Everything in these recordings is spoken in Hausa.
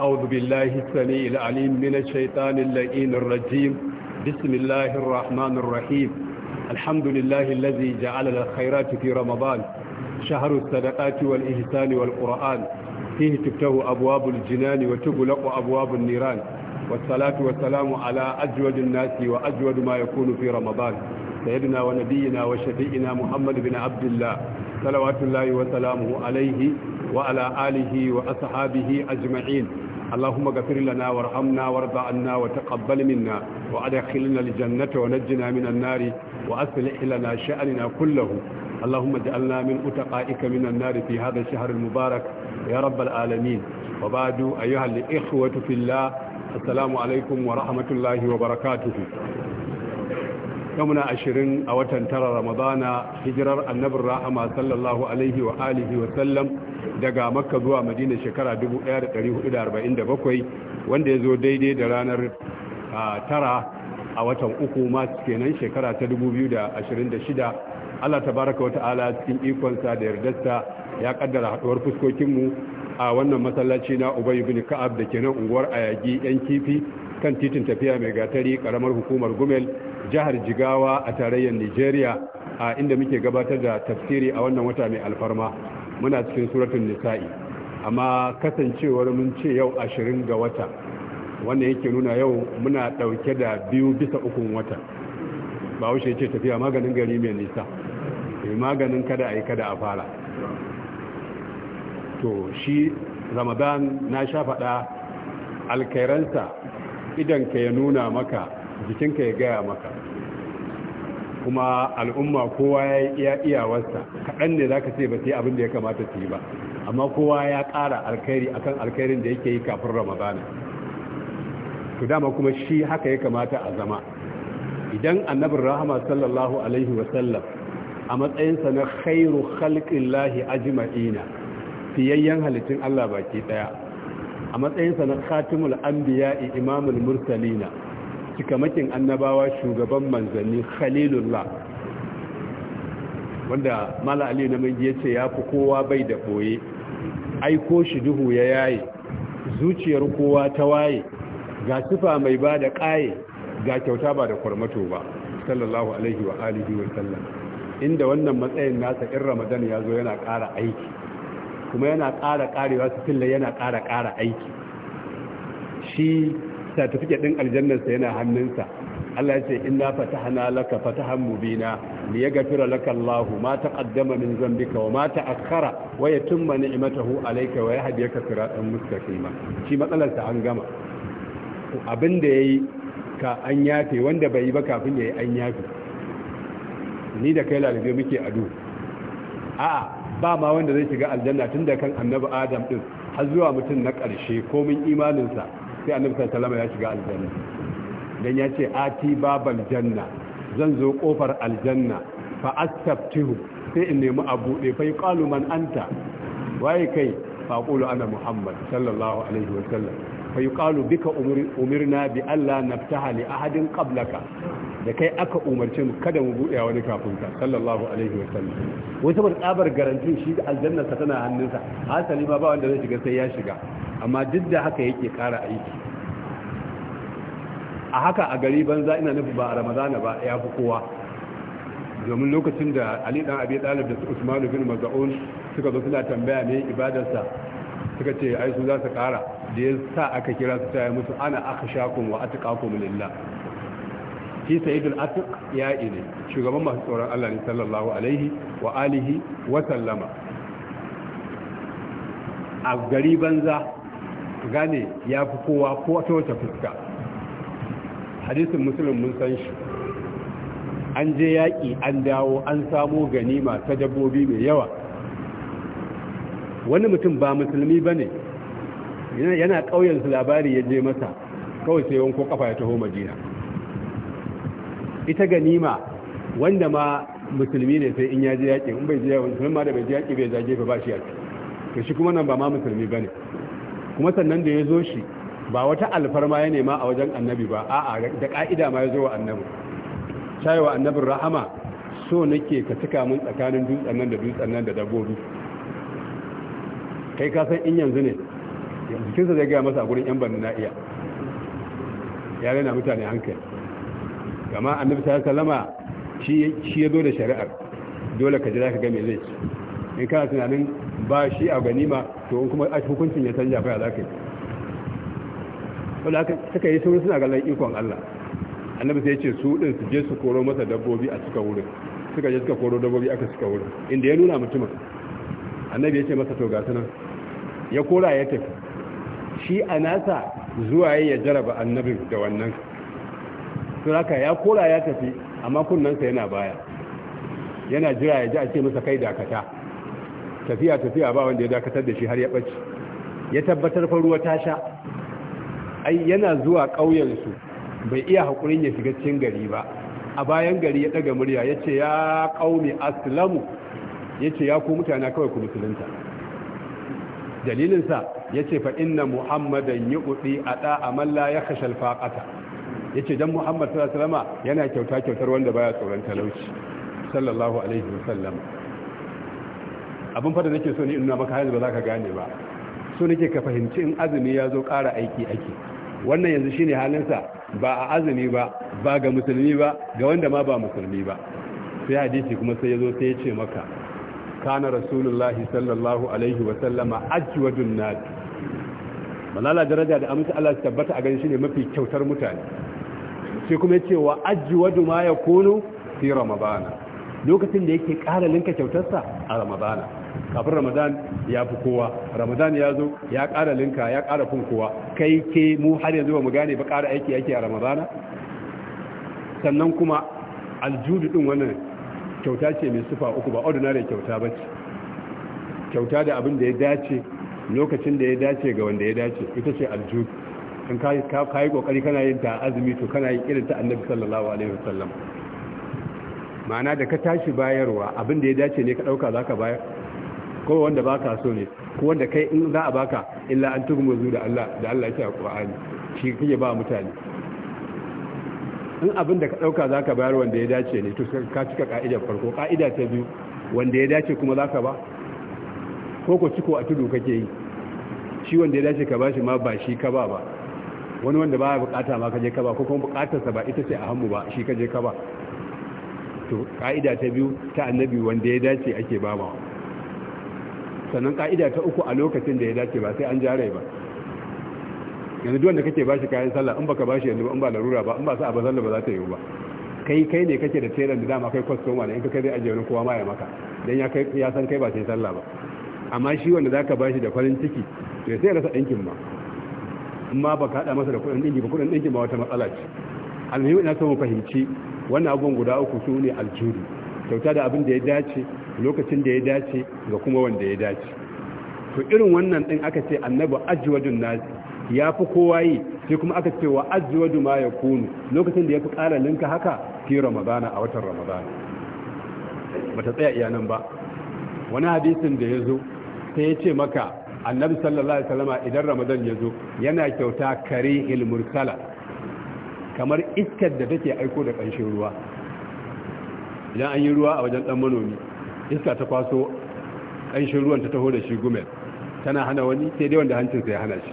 أعوذ بالله السميع العليم من الشيطان اللئيم الرجيم بسم الله الرحمن الرحيم الحمد لله الذي جعل الخيرات في رمضان شهر الصدقات والإحسان والقرآن فيه تفتح أبواب الجنان وتغلق أبواب النيران والصلاة والسلام على أجود الناس وأجود ما يكون في رمضان سيدنا ونبينا وشفيئنا محمد بن عبد الله صلوات الله وسلامه عليه وعلى آله وأصحابه أجمعين اللهم اغفر لنا وارحمنا وارض عنا وتقبل منا وادخلنا الجنة ونجنا من النار وأصلح لنا شأننا كله اللهم اجعلنا من أتقائك من النار في هذا الشهر المبارك يا رب العالمين وبعد أيها الإخوة في الله السلام عليكم ورحمة الله وبركاته يومنا عشرين أوتن ترى رمضان هجرر النبي الرحمة صلى الله عليه وآله وسلم daga makka zuwa madina shekara 1447 wanda ya zo daidai da ranar tara a watan uku masu kenan shekara ta 2026 allah ta baraka wata ala cikin ikonsa da yardasta ya kaddara haduwar fuskokinmu a wannan masallaci na ubayi bin ka'ab da kenan unguwar ayagi yan kifi kan titin tafiya mai gatari karamar hukumar gumel jihar jigawa a tarayyar nigeria a inda muke gabatar da tafsiri a wannan wata mai alfarma muna cikin suratun nisa'i amma kasancewar mun ce yau ashirin ga wata wannan yake nuna yau muna ɗauke da biyu bisa ukun wata ba wuce ce tafiya maganin gari mai nisa mai eh, maganin kada a yi kada a fara to shi ramadan na sha faɗa alkairansa ka ya nuna maka jikinka ya gaya maka kuma al'umma kowa ya iya iyawarsa kaɗan ne za ka ce ba sai abin da ya kamata su yi ba amma kowa ya ƙara alkhairi akan alkhairin da yake yi kafin ramadana to dama kuma shi haka ya kamata a zama idan annabin rahama sallallahu alaihi wasallam a matsayinsa na khairu khalqillahi ajma'ina fiyayyen halittun Allah baki ɗaya, a matsayinsa na khatimul anbiya'i imamul mursalina cikamakin annabawa shugaban manzanni khalilullah wanda mala ali na mangi ya ce ya fi kowa bai da ɓoye aiko shi duhu ya yaye zuciyar kowa ta waye ga sifa mai ba da ƙaye ga kyauta ba da kwarmato ba sallallahu alaihi wa alihi wa sallam inda wannan matsayin nasa in ramadan ya zo yana ƙara aiki kuma yana ƙara ƙarewa su yana ƙara ƙara aiki shi certificate din aljannarsa yana hannunsa Allah ya ce inna fatahna laka fatahan mubina yaghfira laka Allahu ma taqaddama min dhanbika wa ma ta'akhkhara wa yatimma ni'matahu alayka wa yahdika siratan mustaqima shi matsalar ta an gama abin da yayi ka an yafe wanda bai yi ba kafin yayi an yafe ni da kai lalube muke ado a'a ba ma wanda zai shiga aljanna tunda kan annabi adam din har zuwa mutum na ƙarshe komin imaninsa sai annabi sallallahu ya shiga aljanna dan ya ce ati babal janna zan zo kofar aljanna fa astaftihu sai in nemi a buɗe fa yuqalu man anta waye kai fa qulu ana muhammad sallallahu alaihi wasallam fa yuqalu bika umirna bi alla naftaha li ahadin qablaka da kai aka umarce mu kada mu buɗe wani kafin ka sallallahu alaihi wa sallam wai saboda tsabar garantin shi da aljannarsa tana hannunsa hasali ma ba wanda zai shiga sai ya shiga amma duk da haka yake ƙara aiki a haka a gari banza ina nufi ba a ramadana ba ya fi kowa domin lokacin da ali dan abi dalib da usman bin maz'un suka zo suna tambaya ne ibadarsa suka ce ai su za su ƙara da ya sa aka kira su ta musu ana akhshakum wa atqakum lillah shi sa'idul atiq ya ne shugaban masu tsoron Allah ne sallallahu alaihi wa alihi wa sallama a gari banza gane ya fi kowa ko ta wace fuska hadisin musulun mun san shi an je yaƙi an dawo an samo ganima ta dabbobi mai yawa wani mutum ba musulmi ba ne yana ƙauyensu labari ya je masa kawai sai wanko kafa ya taho madina ita ganima wanda ma musulmi ne sai in ya je yaƙi in bai je yaƙi musulmi ma da bai je yaƙi bai zage ba shi yaƙi to shi kuma nan ba ma musulmi ba ne kuma sannan da ya zo shi ba wata alfarma ya nema a wajen annabi ba a'a da ƙa'ida ma ya zo wa annabi wa annabin rahama so nake ka cika mun tsakanin dutsen nan da dutsen nan da dabbobi kai ka san in yanzu ne jikinsa zai gaya masa a gurin yan banna iya ya rena mutane hankali amma annabi ta alaihi shi ya zo da shari'ar dole ka jira ka ga me zai ci in kana tunanin ba shi a ganima to in kuma a hukuncin ya canja fa za ka yi wanda suka yi sun suna ganin ikon Allah annabi sai ya ce su din su je su koro masa dabbobi a cikin wurin suka je suka koro dabbobi aka cikin wurin inda ya nuna mutumin annabi ya ce masa to ga sunan ya kora ya tafi shi anasa nasa zuwa ya jaraba annabin da wannan suraka ya kora ya tafi amma kunnansa yana baya yana jira ya ji a ce masa kai dakata tafiya tafiya ba wanda ya dakatar da shi har ya ɓace ya tabbatar fa ruwa ta sha ai yana zuwa ƙauyensu bai iya haƙurin ya shiga cikin gari ba a bayan gari ya ɗaga murya ya ce ya ƙaumi aslamu ya ce ya ku mutana kawai ku musulunta dalilinsa ya ce fa inna muhammadan yi uɗi a ɗa malla ya kashal faƙata yace dan Muhammad sallallahu alaihi yana kyauta kyautar wanda baya tsoron talauci sallallahu alaihi wasallam abin fada nake so ni in nuna maka hanyar ba za ka gane ba so nake ka fahimci in azumi ya zo ƙara aiki ake wannan yanzu shine halinsa ba a azumi ba ba ga musulmi ba ga wanda ma ba musulmi ba sai hadisi kuma sai ya zo sai ya ce maka kana rasulullahi sallallahu alaihi wa sallama ajwadun nas malala daraja da amsa Allah tabbata a ganin shine mafi kyautar mutane sai kuma yace wa ajwadu ma kono fi ramadana lokacin da yake ƙara linka kyautarsa a ramadana kafin ramadan ya fi kowa ramadan ya zo ya ƙara linka ya ƙara fin kowa kai ke mu har yanzu ba mu gane ba ƙara aiki yake a ramadana sannan kuma aljudu ɗin wannan kyauta ce mai sufa uku ba ordinary kyauta ba ce kyauta da abin da ya dace lokacin da ya dace ga wanda ya dace ita ce aljudu in ka yi kokari kana yin ta azumi to kana yin irin ta annabi sallallahu alaihi wasallam ma'ana da ka tashi bayarwa abin da ya dace ne ka dauka zaka bayar ko wanda baka so ne ko wanda kai in za a baka illa an tugu zu da Allah da Allah yake a Qur'ani shi kike ba mutane in abin da ka dauka zaka bayar wanda ya dace ne to ka cika ka'idar farko ka'ida ta biyu wanda ya dace kuma zaka ba ko ko ciko a tudu kake yi shi wanda ya dace ka bashi ma ba shi ka ba ba wani wanda baya bukata ma kaje kaba ka ba ko kuma bukatarsa ba ita ce a hannu ba shi kaje kaba ka ba to ka'ida ta biyu ta annabi wanda ya dace ake ba ba sannan ka'ida ta uku a lokacin da ya dace ba sai an jare ba yanzu duk wanda kake bashi kayan sallah in baka bashi yanzu ba in ba larura ba in ba sa a bazalla ba za ta yi ba kai kai ne kake da tseren da dama kai kwastoma ne in ka kai zai ajiye wani kowa ma ya maka dan ya kai ya san kai ba sai sallah ba amma shi wanda zaka bashi da farin ciki to sai rasa dinkin ma amma ba ka haɗa masa da kuɗin ɗinki ba kuɗin ɗinki ba wata matsala ce almuhimmi ina son fahimci wannan abubuwan guda uku su ne aljuri kyauta da abin da ya dace lokacin da ya dace ga kuma wanda ya dace to irin wannan ɗin aka ce annabi ajwadun nasi ya fi kowa yi sai kuma aka ce wa ajwadu ma ya kunu lokacin da ya fi kara linka haka fi ramadana a watan ramadana bata tsaya iya nan ba wani hadisin da ya zo sai ya ce maka annabi sallallahu alaihi wasallama idan ramadan ya zo yana kyauta kare ilmursala kamar iskar da take aiko da ƙanshin ruwa idan an yi ruwa a wajen ɗan manomi iska ta kwaso ƙanshin ruwan ta taho da shi gumel tana hana wani sai dai wanda hancinsa ya hana shi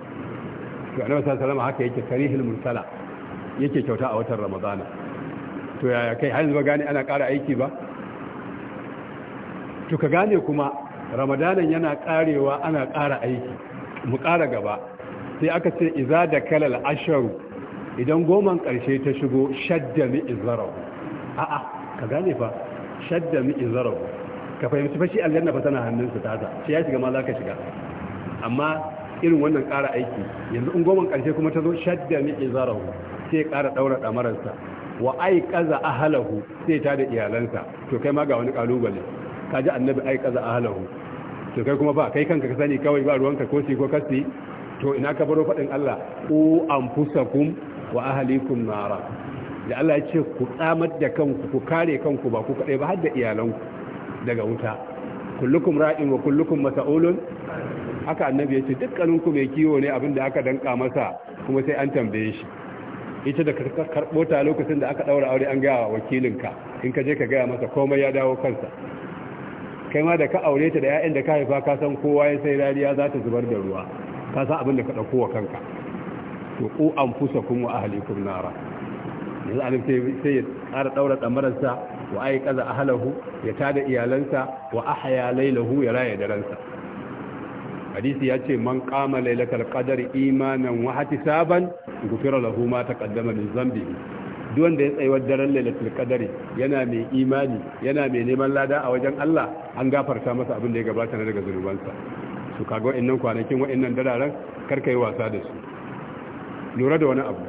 to annabi sallallahu alaihi haka yake karihil mursala yake kyauta a watan ramadana to yaya kai har yanzu gane ana ƙara aiki ba to ka gane kuma ramadanin yana karewa ana ƙara aiki mu ƙara gaba sai aka ce iza da kalal asharu idan goman karshe ta shigo shadda mi izarau a'a ka gane fa shadda mi izarau ka fahimci fashi aljanna fa tana hannunsa ta ta shi ya shiga ma za ka shiga amma irin wannan ƙara aiki yanzu in goma karshe kuma ta zo shadda mi izarahu sai ƙara ɗaura ɗamararsa wa ai ƙaza ahalahu sai ta da iyalansa to kai ma ga wani ƙalubale kaji annabi ai ƙaza ahalahu to kai kuma ba kai kanka ka sani kawai ba ruwanka ko shi ko kasti to ina ka baro faɗin Allah ku anfusakum wa ahlikum nara da Allah ya ku tsamar da kanku ku kare kanku ba ku kadai ba har da iyalanku daga wuta kullukum ra'in wa kullukum mas'ulun haka annabi ya ce dukkaninku mai kiwo ne abinda aka danka masa kuma sai an tambaye shi ita da karɓo ta lokacin da aka ɗaura aure an gaya wakilinka in ka je ka gaya masa komai ya dawo kansa kai ma da ka aure ta da 'ya'yan da ka haifa ka san kowa ya sai rariya za ta zubar da ruwa ka san abin da ka ɗauko wa kanka to ku an fusa kun wa ahalikum nara yanzu alif sai ya ƙara ɗaura ɗamararsa wa ai kaza ahalahu ya tada iyalansa wa ahya lailahu ya raya da ransa. hadisi ya ce man qama lailatul qadr imanan wa hatisaban gufira lahu ma taqaddama min dhanbihi duk wanda ya tsayuwar daren lailatul qadari yana mai imani yana mai neman lada a wajen Allah an gafarta masa abin da ya gabata daga zunubansa su kaga wa'annan kwanakin wa'annan dararen karka yi wasa da su lura da wani abu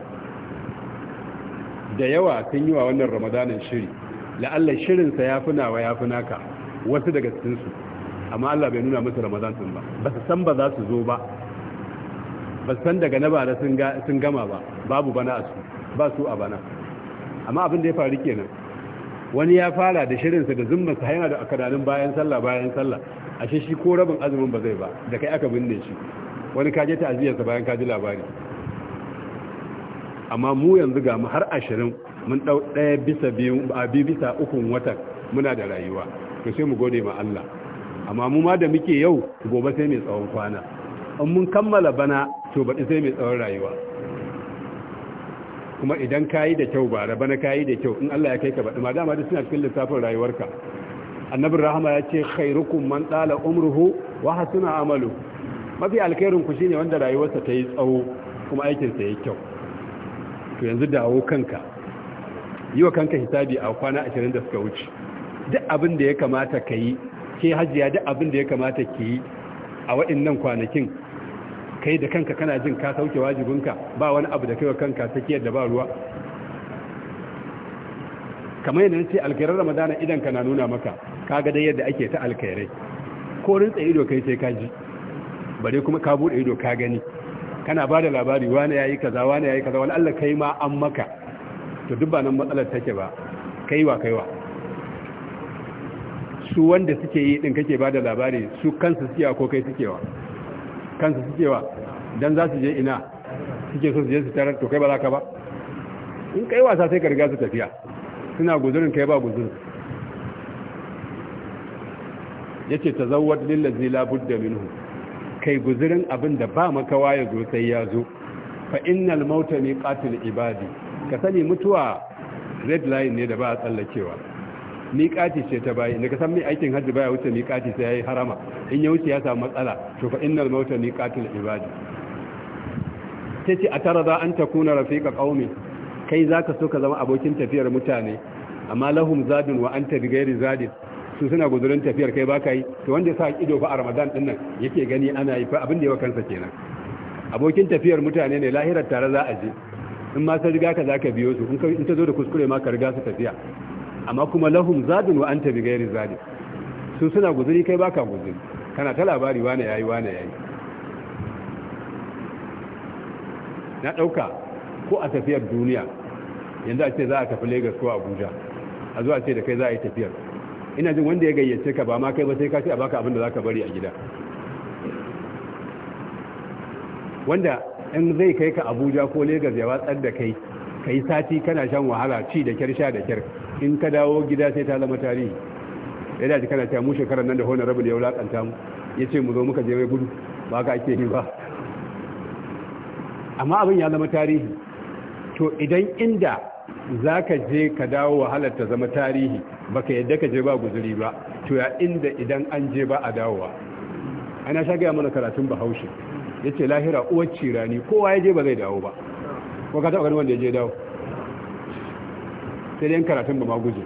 da yawa sun yi wa wannan ramadanin shiri la'alla shirinsa ya fi nawa ya fi naka wasu daga cikinsu amma Allah bai nuna musu ramadan din ba ba su san ba za su zo ba ba su san daga na bara sun gama ba babu bana a su ba su a bana amma abin da ya faru kenan wani ya fara da shirinsa da zummarsa yana da akadanin bayan sallah bayan sallah ashe shi ko rabin azumin ba zai ba da kai aka binne shi wani je ta sa bayan ka ji labari amma mu yanzu ga mu har ashirin mun dau daya bisa biyu a biyu bisa ukun watan muna da rayuwa to sai mu gode ma Allah amma mu ma da muke yau gobe sai mai tsawon kwana in mun kammala bana to baɗi sai mai tsawon rayuwa kuma idan ka yi da kyau ba raba na yi da kyau in Allah ya kai ka baɗi ma dama duk suna cikin lissafin rayuwarka annabin rahama ya ce khairukum man tsala umruhu wa hasuna amalu mafi alkhairin ku shine wanda rayuwarsa ta yi tsawo kuma aikinsa ya yi kyau to yanzu dawo kanka yi wa kanka hisabi a kwana ashirin da suka wuce duk abin da ya kamata ka yi ke hajiya duk abin da ya kamata ki yi a waɗannan kwanakin kai da kanka kana jin ka sauke wajibinka ba wani abu da kaiwa kanka ta kiyar da ba ruwa kamar yadda ce alkairar ramadana idan ka na nuna maka kaga dai yadda ake ta alkairai ko rinsa ido kai sai ka ji bare kuma ka bude ido ka gani kana ba da labari wani yayi kaza wani yayi kaza wani Allah kai ma an maka to duk ba nan matsalar take ba kaiwa kaiwa su wanda suke yi din kake ba da labari su kansu suke ko kai suke wa kansu suke wa dan za su je ina suke so su je su tare to kai ba za ka ba in kai wasa sai ka riga su tafiya suna guzurin kai ba guzurin yace tazawwad lillazi la budda minhu kai guzurin abin da ba makawa ya zo sai ya zo fa innal mauta ne qatil ibadi ka sani mutuwa red line ne da ba a tsallakewa miƙati ce ta bayi daga san mai aikin hajji baya wuce miƙati sai yayi harama in ya wuce ya samu matsala to fa innal mauta miqatul ibadi tace tara za an takuna rafiqa qaumi kai zaka so ka zama abokin tafiyar mutane amma lahum zadun wa anta ghairi zadin su suna guzurin tafiyar kai baka yi to wanda ya sa ido fa a ramadan din nan yake gani ana yi fa abin da ya kansa kenan abokin tafiyar mutane ne lahirar tare za a je in ma sai riga ka zaka biyo su in ta zo da kuskure ma ka riga su tafiya amma kuma lahum zadin wa anta bighairi zadin su suna guzuri kai baka guzuri kana ta labari wane yayi wane yayi na dauka ko a tafiyar duniya yanzu a ce za a tafi Lagos ko Abuja a zuwa ce da kai za a yi tafiyar ina jin wanda ya gayyace ka ba ma kai ba sai ka ce a baka abin da zaka bari a gida wanda in zai kai ka Abuja ko Lagos ya watsar da kai kai sati kana shan wahala ci da kyar sha da kyar in ka dawo gida sai ta zama tarihi ya dace kana ta mu shekarar nan da hona rabin da ya wulakanta mu ya ce mu zo muka je mai gudu ba ka ake yi ba amma abin ya zama tarihi to idan inda za ka je ka dawo wahalar ta zama tarihi ba ka yadda ka je ba guzuri ba to ya inda idan an je ba a dawowa ana sha gaya mana karatun bahaushe ya ce lahira uwar cirani kowa ya je ba zai dawo ba ko ka taɓa wanda ya je dawo sai dai karatun ba maguje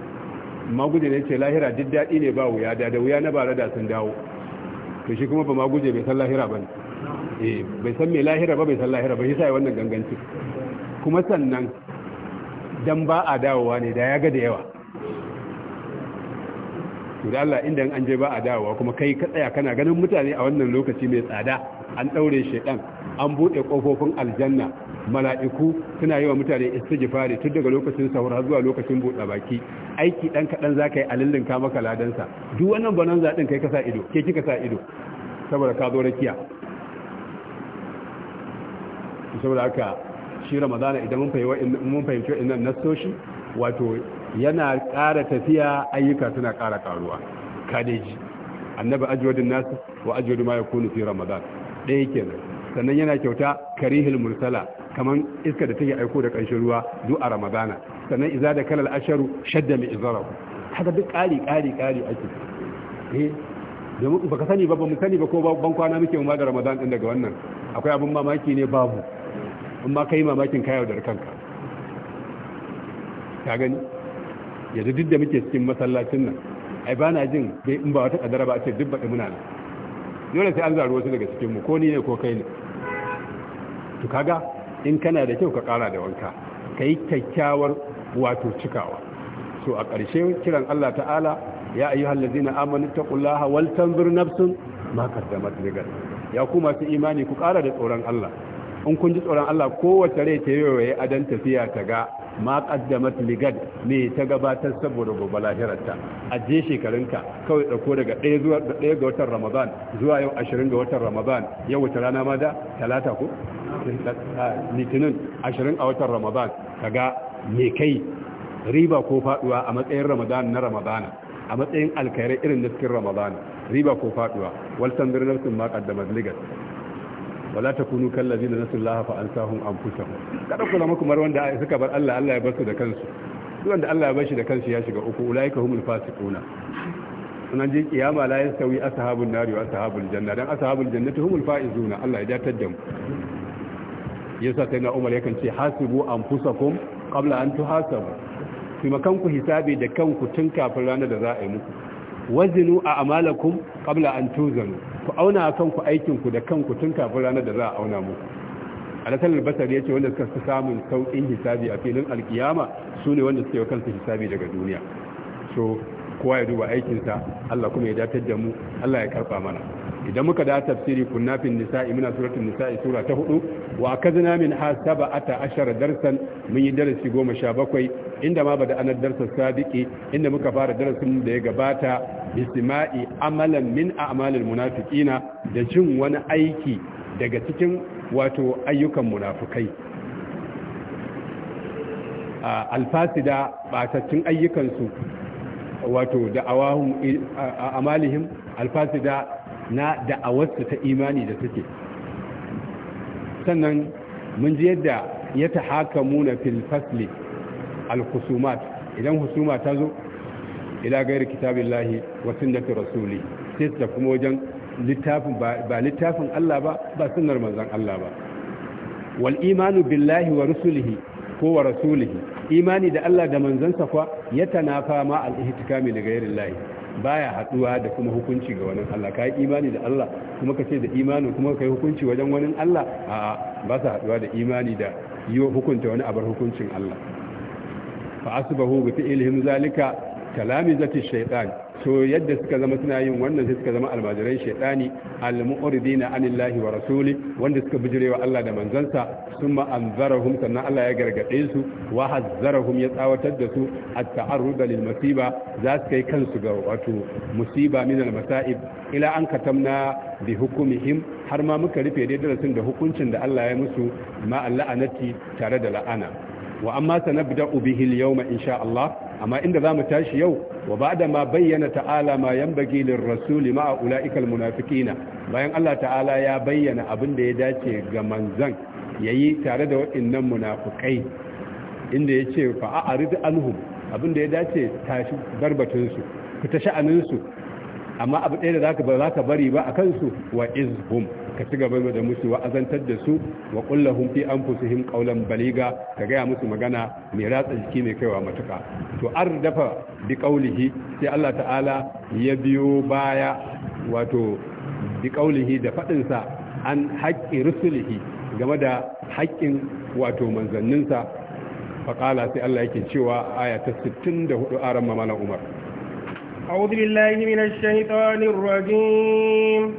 maguje ne ce lahira duk daɗi ne ba wuya da da wuya na bara da sun dawo to shi kuma ba maguje bai san lahira ba eh bai san me lahira ba bai san lahira ba shi sai wannan ganganci kuma sannan dan ba a dawowa ne da ya ga da yawa to da Allah inda an je ba a dawowa kuma kai ka tsaya kana ganin mutane a wannan lokaci mai tsada an daure shedan an buɗe ƙofofin aljanna mala'iku suna yi wa mutane istighfari tun daga lokacin sahur har zuwa lokacin buɗe baki aiki dan kaɗan za yi alillin ka maka ladansa duk wannan banan zadin kai ka sa ido ke kika sa ido saboda ka zo rakiya saboda haka shi ramadana idan mun fahimci nan nastoshi wato yana ƙara tafiya ayyuka suna ƙara karuwa kadeji annabi ajwadin nasu wa ajwadu ma yakunu fi ramadan dai kenan sannan yana kyauta karihil mursala kaman iska da take aiko da kanshin ruwa du a ramadana sannan iza da kalal asharu shadda mai izara haka duk ƙari ƙari ƙari ake eh domin baka sani ba ba mu sani ba ko ban kwana muke mu da ramadan din daga wannan akwai abin mamaki ne babu in ma kai mamakin kayau da kanka ka gani yanzu duk da muke cikin masallacin nan ai ba na jin in ba wata kadara ba a ce duk baɗi muna nan dole sai an zaru wasu daga cikin mu ko ni ne ko kai ne to kaga in kana da kyau ka kara da wanka ka yi kyakkyawar wato cikawa so a ƙarshe kiran Allah ta'ala ya ayi hallazi na ta taƙullaha waltan birnafsun ma kaddamat ligar ya kuma su imani ku ƙara da tsoron Allah in kun ji tsoron Allah kowace rai ta yi waye adan tafiya ta ga ma qaddamat ligad me ta gabatar saboda gobe lahirarta aje shekarunka kawai dauko daga 1 zuwa 1 ga watan Ramadan zuwa yau 20 ga watan Ramadan yau wata rana ma da talata ko litinin 20 a watan Ramadan kaga me kai riba ko faduwa a matsayin Ramadan na Ramadan a matsayin alkhairai irin na cikin Ramadan riba ko faduwa wal tanzir nafsin ma qaddamat ligad wala takunu kallazina nasullaha fa ansahum anfusahum kada ku zama kamar wanda suka bar Allah Allah ya basu da kansu duk wanda Allah ya bashi da kansu ya shiga uku ulaika humul fasiquna sunan je kiyama la yastawi ashabun nari wa ashabul janna dan ashabul jannati humul faizuna Allah ya datar da mu yasa sai na Umar yakan ce hasibu anfusakum qabla an tuhasabu kuma kanku hisabi da kanku tun kafin ranar da za a yi muku wazinu a amalakum qabla an tuzanu ku auna a kanku aikinku da kanku tun kafin ranar da za a auna muku alasan albasar ya ce wanda suka fi samun sauƙin hisabi a filin alkiyama su ne wanda suke kansu hisabi daga duniya so kowa ya duba aikinsa Allah kuma ya datar da mu Allah ya karfa mana idan muka da tafsiri kunnafin nisa'i muna suratul nisa'i sura ta hudu wa akazna min hasaba ata ashara darsan mun yi darasi goma sha bakwai inda ma bada anar darsa sadiki inda muka fara darasin da ya gabata bisma'i amalan min a'malil munafiqina da jin wani aiki daga cikin wato ayyukan munafukai alfasida batattun ayyukansu wato da'awahum amalihim alfasida na da'awarsu ta imani da suke sannan mun ji yadda ya ta haka fasli al alkusumat idan husuma ta zo ila gairi kitabillahi na sunnati rasuli sai su kuma wajen littafin ba littafin Allah ba ba sunnar manzon Allah ba wal imanu billahi wa rusulihi ko wa rasulihi imani da Allah da manzansa kwa ya tanafa ma al-ihtikami li ghayri Allah baya haduwa da kuma hukunci ga wani Allah kai imani da Allah kuma kace da imani kuma kai hukunci wajen wani Allah a'a ba sa haduwa da imani da yi hukunta wani abar hukuncin Allah fa asbahu bi ilhim zalika kalami zati shaitan to yadda suka zama suna yin wannan sai suka zama almajiran shaitani almu'ridina anillahi wa rasuli wanda suka bijirewa Allah da manzansa summa anzarahum sannan Allah ya gargade su wa hazzarahum ya tsawatar da su at ta'arruda lil masiba za su kai kansu ga wato musiba min al-masa'ib ila an katamna bi hukumihim har ma muka rufe dai darasin da hukuncin da Allah ya musu ma la'anati tare da la'ana wa amma sanabda'u bihi al-yawma insha Allah amma inda za mu tashi yau wa ba'da ma bayyana ta'ala ma yan yanbaghi rasuli ma a ulaikal munafikina bayan Allah ta'ala ya bayyana abin da ya dace ga manzan ya yi tare da waɗannan munafikai inda ya yace fa rizu anhum abin da ya dace tashi barbatinsu ku fita sha'aninsu. amma abu ɗaya da zaka ba zaka bari ba akan su wa izhum ka ci gaba da musu wa azantar da su wa kullahum fi anfusihim qawlan baliga ka ga musu magana mai ratsa jiki mai kaiwa matuka to an dafa bi qawlihi sai Allah ta'ala ya biyo baya wato bi qawlihi da fadin sa an haqqi rusulihi game da haƙƙin wato manzanninsa faƙala sai Allah yake cewa aya ta 64 aran mamalan Umar أعوذ بالله من الشيطان الرجيم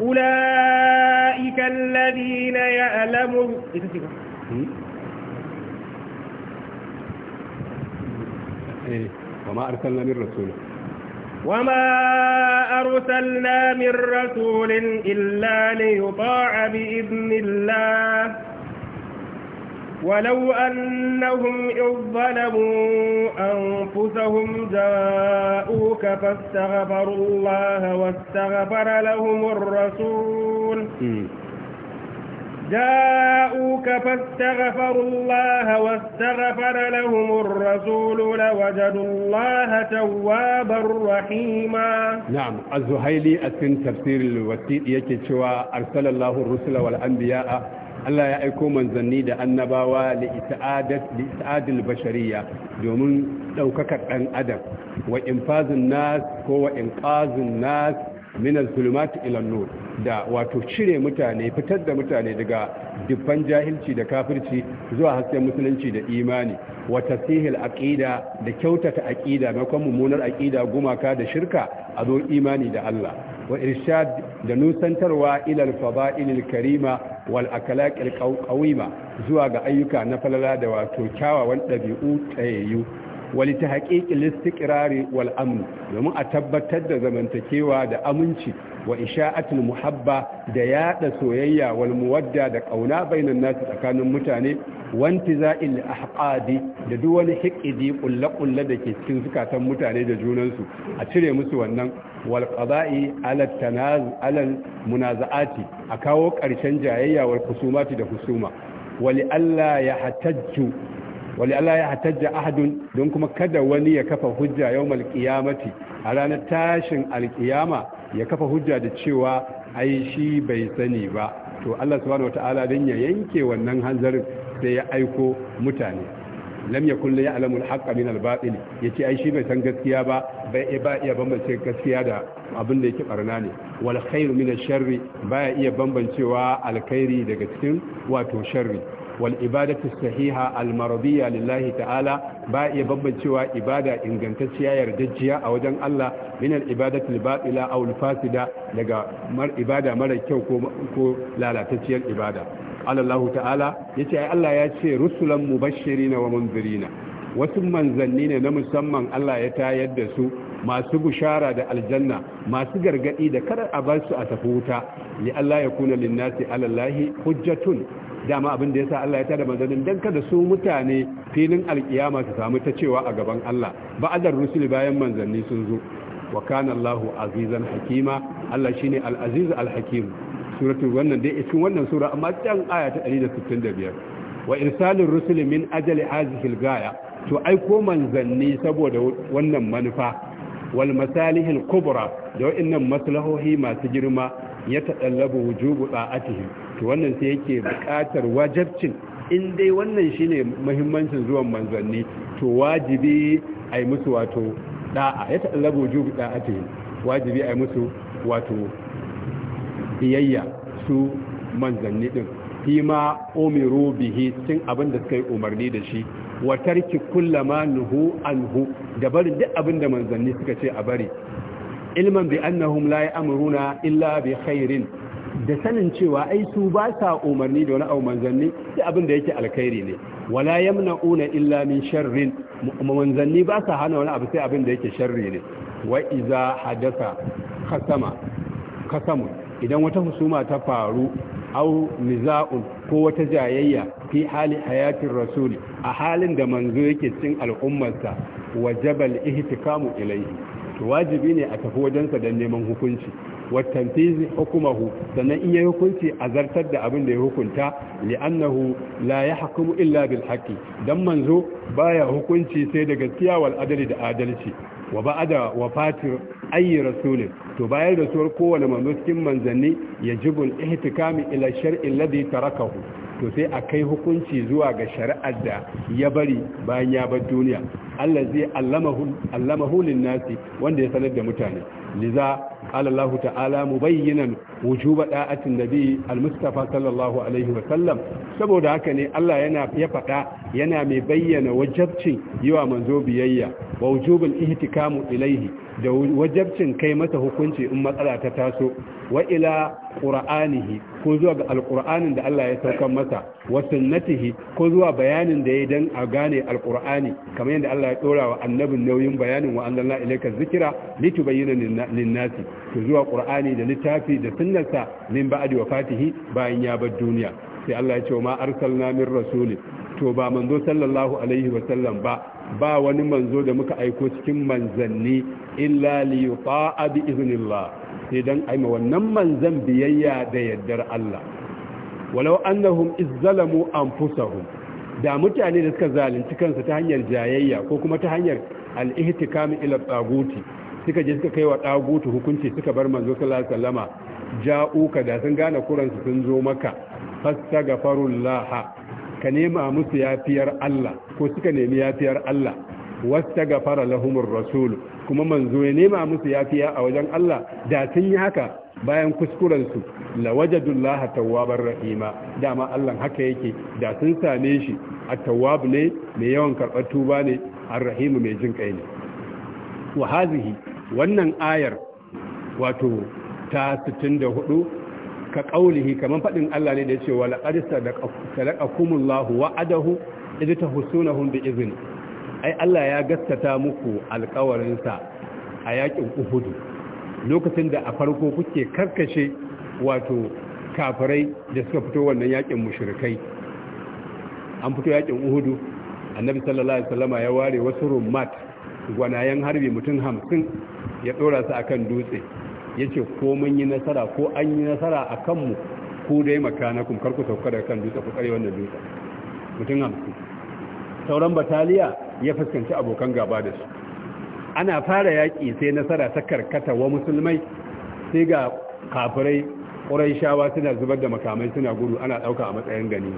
أولئك الذين يألمون إيه إيه، وما أرسلنا من رسول وما أرسلنا من رسول إلا ليطاع بإذن الله ولو أنهم إذ ظلموا أنفسهم جاءوك فاستغفروا الله واستغفر لهم الرسول جاءوك فاستغفروا الله واستغفر لهم الرسول لوجدوا الله توابا رحيما نعم الزهيلي أتن تفسير الوسيط يكي شوى أرسل الله الرسل والأنبياء Allah ya aiko manzanni da annabawa li'adil bashariya domin ɗaukakar ɗan adam wa infazin nas ko wa nas min al-zulumat ila nur da wato cire mutane fitar da mutane daga dubban jahilci da kafirci zuwa hasken musulunci da imani wa tasihil aqida da kyautata aqida kuma mummunar aqida gumaka da shirka a zo imani da Allah wa irshad da nusantarwa ila al-fada'il karima wal akalaqil qawima zuwa ga ayyuka na falala da wato kyawawan dabi'u tsayayyu wal tahqiqil istiqrari wal amn domin a tabbatar da zamantakewa da aminci wa isha'atul muhabba da yada soyayya wal muwadda da kauna bainan nasu tsakanin mutane wanti wantiza'il ahqadi da duk wani ƙulle-ƙulle da ke cikin zukatan mutane da junansu a cire musu wannan wal qada'i ala tanaz ala munaza'ati a kawo karshen jayayya wal kusumati da husuma wali alla ya hatajju wali alla ya ahadun don kuma kada wani ya kafa hujja yawmal qiyamati a ranar tashin alkiyama ya kafa hujja da cewa ai shi bai sani ba to Allah subhanahu wataala dan ya yanke wannan hanzarin sai ya aiko mutane lam yakul la ya'lamu al-haqqa min al-batil yace ai shi bai san gaskiya ba bai ba iya bambance gaskiya da abin da yake barna ne wal khairu min ash-sharri baya iya bambancewa alkhairi daga cikin wato sharri wal ibadatu sahiha almarabiyya maradiyya lillahi ta'ala ba iya bambancewa ibada ingantacciya yardajjiya a wajen Allah min al ibadatu al fasida daga mar ibada mara kyau ko ko lalatacciyar ibada Allah ta'ala yace ai Allah ya ce rusulan mubashirina wa munzirina wasu manzanni ne na musamman Allah ya tayar da su masu bushara da aljanna masu gargadi da kada a bar su a tafi wuta li Allah ya kuna linnasi alallahi hujjatun dama abin da ya sa Allah ya tada manzannin don kada su mutane filin alkiyama su samu ta cewa a gaban Allah ba'adar rusul bayan manzanni sun zo wa kana Allahu azizan hakima Allah shi al-aziz al-hakim suratu wannan dai cikin wannan sura amma can aya ta 165 wa irsalin rusuli min ajali azihil gaya to aiko manzanni saboda wannan manufa wal masalihil kubra da wa'annan maslahohi masu girma ya tadallabu wujubu da'atihim to wannan sai yake buƙatar wajabcin in dai wannan shine muhimmancin zuwan manzanni to wajibi ai musu wato da'a ya jubi wujubi da'atihim wajibi ai musu wato biyayya su manzanni din fi ma umiru bihi cin abin da suka yi umarni da shi wa tarki kullama nuhu anhu da barin duk abin da manzanni suka ce a bari ilman bi annahum la ya'muruna illa bi khairin da sanin cewa ai su ba sa umarni da wani abu manzanni sai abin da yake alkhairi ne wala yamna'una illa min sharrin manzanni ba sa hana wani abu sai abin da yake sharri ne wa iza hadasa khasama khasamu idan wata husuma ta faru au niza'un ko wata jayayya fi hali hayatin rasul a halin da manzo yake cin al'ummarsa wajabal ihtikamu ilayhi wajibi ne a tafi wajensa don neman hukunci wattanfizi hukumahu sannan in ya hukunci a zartar da abin da ya hukunta li'annahu la hakumu illa bil haqqi dan manzo baya hukunci sai da gaskiya wal adali da adalci wa da wafatir ayi rasuli to bayan rasuwar kowane manzo cikin manzanni yajibul ihtikami ila shar'i alladhi tarakahu to sai a kai hukunci zuwa ga shari'ar da ya bari bayan ya bar duniya Allah zai allamahu allamahu lin nasi wanda ya sanar da mutane liza قال الله تعالى مبينا وجوب داعة النبي المصطفى صلى الله عليه وسلم saboda haka ne Allah yana ya faɗa yana mai bayyana cin yiwa manzo biyayya wa ihtikamu ilaihi da wajabcin kai masa hukunci in matsala ta taso wa ila ko zuwa ga alqur'anin da Allah ya saukan masa wa sunnatihi ko zuwa bayanin da ya dan a gane alqur'ani kamar yadda Allah ya ɗora wa annabin nauyin bayanin wa anzalna ilayka dhikra litubayyana lin-nasi to zuwa qur'ani da littafi da sunnarsa min wa fatihi bayan ya bar duniya sai Allah ya ce ma arsalna min rasuli to ba manzo sallallahu alaihi wa sallam ba ba wani manzo da muka aiko cikin manzanni illa li yuta'a bi iznillah sai dan aima wannan manzan biyayya da yaddar Allah walau annahum izzalamu anfusahum da mutane da suka zalunci kansu ta hanyar jayayya ko kuma ta hanyar al-ihtikam ila taguti suka je suka kai wa hukunci suka bar manzo sallallahu alaihi wasallama ja'uka da sun gane kuransu sun zo maka fastagfarullah ka nema musu yafiyar Allah ko suka nemi yafiyar Allah wasta gafara lahumur rasul kuma manzo ya nema musu yafiya a wajen Allah da sun yi haka bayan kuskuren su wajadullaha tawwabar rahima dama Allah haka yake da sun same shi at-tawwab ne mai yawan karɓar tuba ne ar-rahim mai jin kai ne wa hazihi wannan ayar wato ta 64 ka ƙaunihi kamar faɗin Allah ne da ya ce wa laƙarista da laƙakumullahu wa'adahu idan ta husunahun bi izini ai Allah ya gaskata muku alƙawarinsa a yaƙin uhudu lokacin da a farko kuke karkashe wato kafirai da suka fito wannan yaƙin mushrikai an fito yaƙin uhudu annabi sallallahu alaihi wasallama ya ware wasu rumat gwanayen harbi mutum hamsin ya ɗora su akan dutse Ya ce ko mun yi nasara ko an yi nasara a kanmu ko dai makanakun kar ku sauka kan dutse ku wannan dutse mutum hamsin sauran bataliya ya fuskanci abokan gaba da su ana fara yaƙi sai nasara ta karkata wa musulmai sai ga kafirai shawa suna zubar da makamai suna gudu ana ɗauka a matsayin gani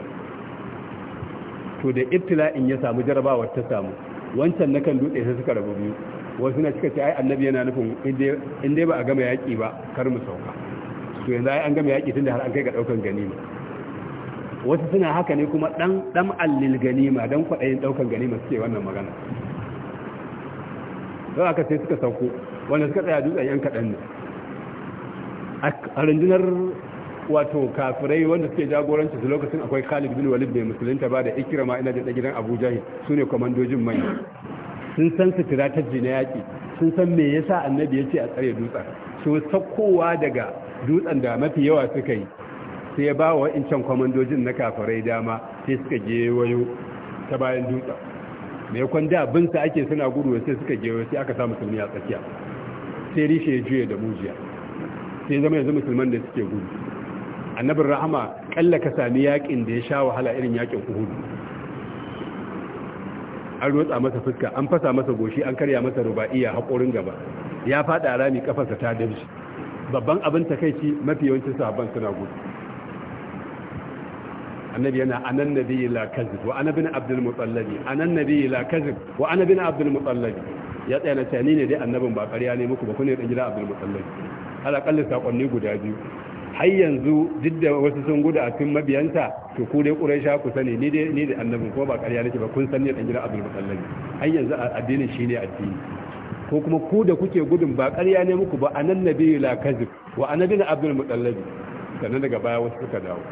to da ittila'in ya samu jarabawar ta samu wancan na kan dutse sai suka rabu biyu wasu na cika ce ai annabi yana nufin in dai ba a gama yaƙi ba kar mu sauka to yanzu ai an gama yaƙi tunda har an kai ga ɗaukan ganima wasu suna haka ne kuma ɗan ɗan allil ganima don kwaɗayin ɗaukan ganima suke wannan magana don haka sai suka sauko wanda suka tsaya dutsen yan kaɗan ne a rundunar wato kafirai wanda suke jagoranci su lokacin akwai khalid bin walid mai musulunta ba da ikirama ina da gidan abu jahil su ne kwamandojin manya sun san sutura ta jina yaƙi sun san me yasa annabi ya ce a tsare dutsen so sakkowa daga dutsen da mafi yawa suka yi sai ya ba wa wa'incan kwamandojin na kafarai dama sai suka wayo ta bayan dutsen mai kwanda binsa ake suna gudu sai suka wayo sai aka sa musulmi a tsakiya sai rishe ya juya da mujiya sai zama yanzu musulman da suke gudu annabin rahama kalla ka sami yaƙin da ya sha wahala irin yaƙin uhudu an rotsa masa fuska an fasa masa goshi an karya masa ruba'iya haƙorin gaba ya faɗa rami kafarsa ta damshi babban abin takaici mafi yawancin sahabban suna gudu annabi yana anan nabiyyi la kazib wa ana bin abdul mutallabi anan nabiyyi la kazib wa ana abdul mutallabi ya tsaya na tani ne dai annabin ba ƙarya ne muku ba ku yi dan gida abdul mutallabi ala kallin sakonni guda biyu har yanzu duk da wasu sun gudu a cikin mabiyanta to ku dai sha ku sani ni dai ni da annabin ko ba ƙarya nake ba kun san ni dan gidan abdul Muttalib har yanzu addinin shi ne addini ko kuma ku da kuke gudun ba ƙarya ne muku ba annabi la kazib wa annabi abdul Muttalib sannan daga baya wasu suka dawo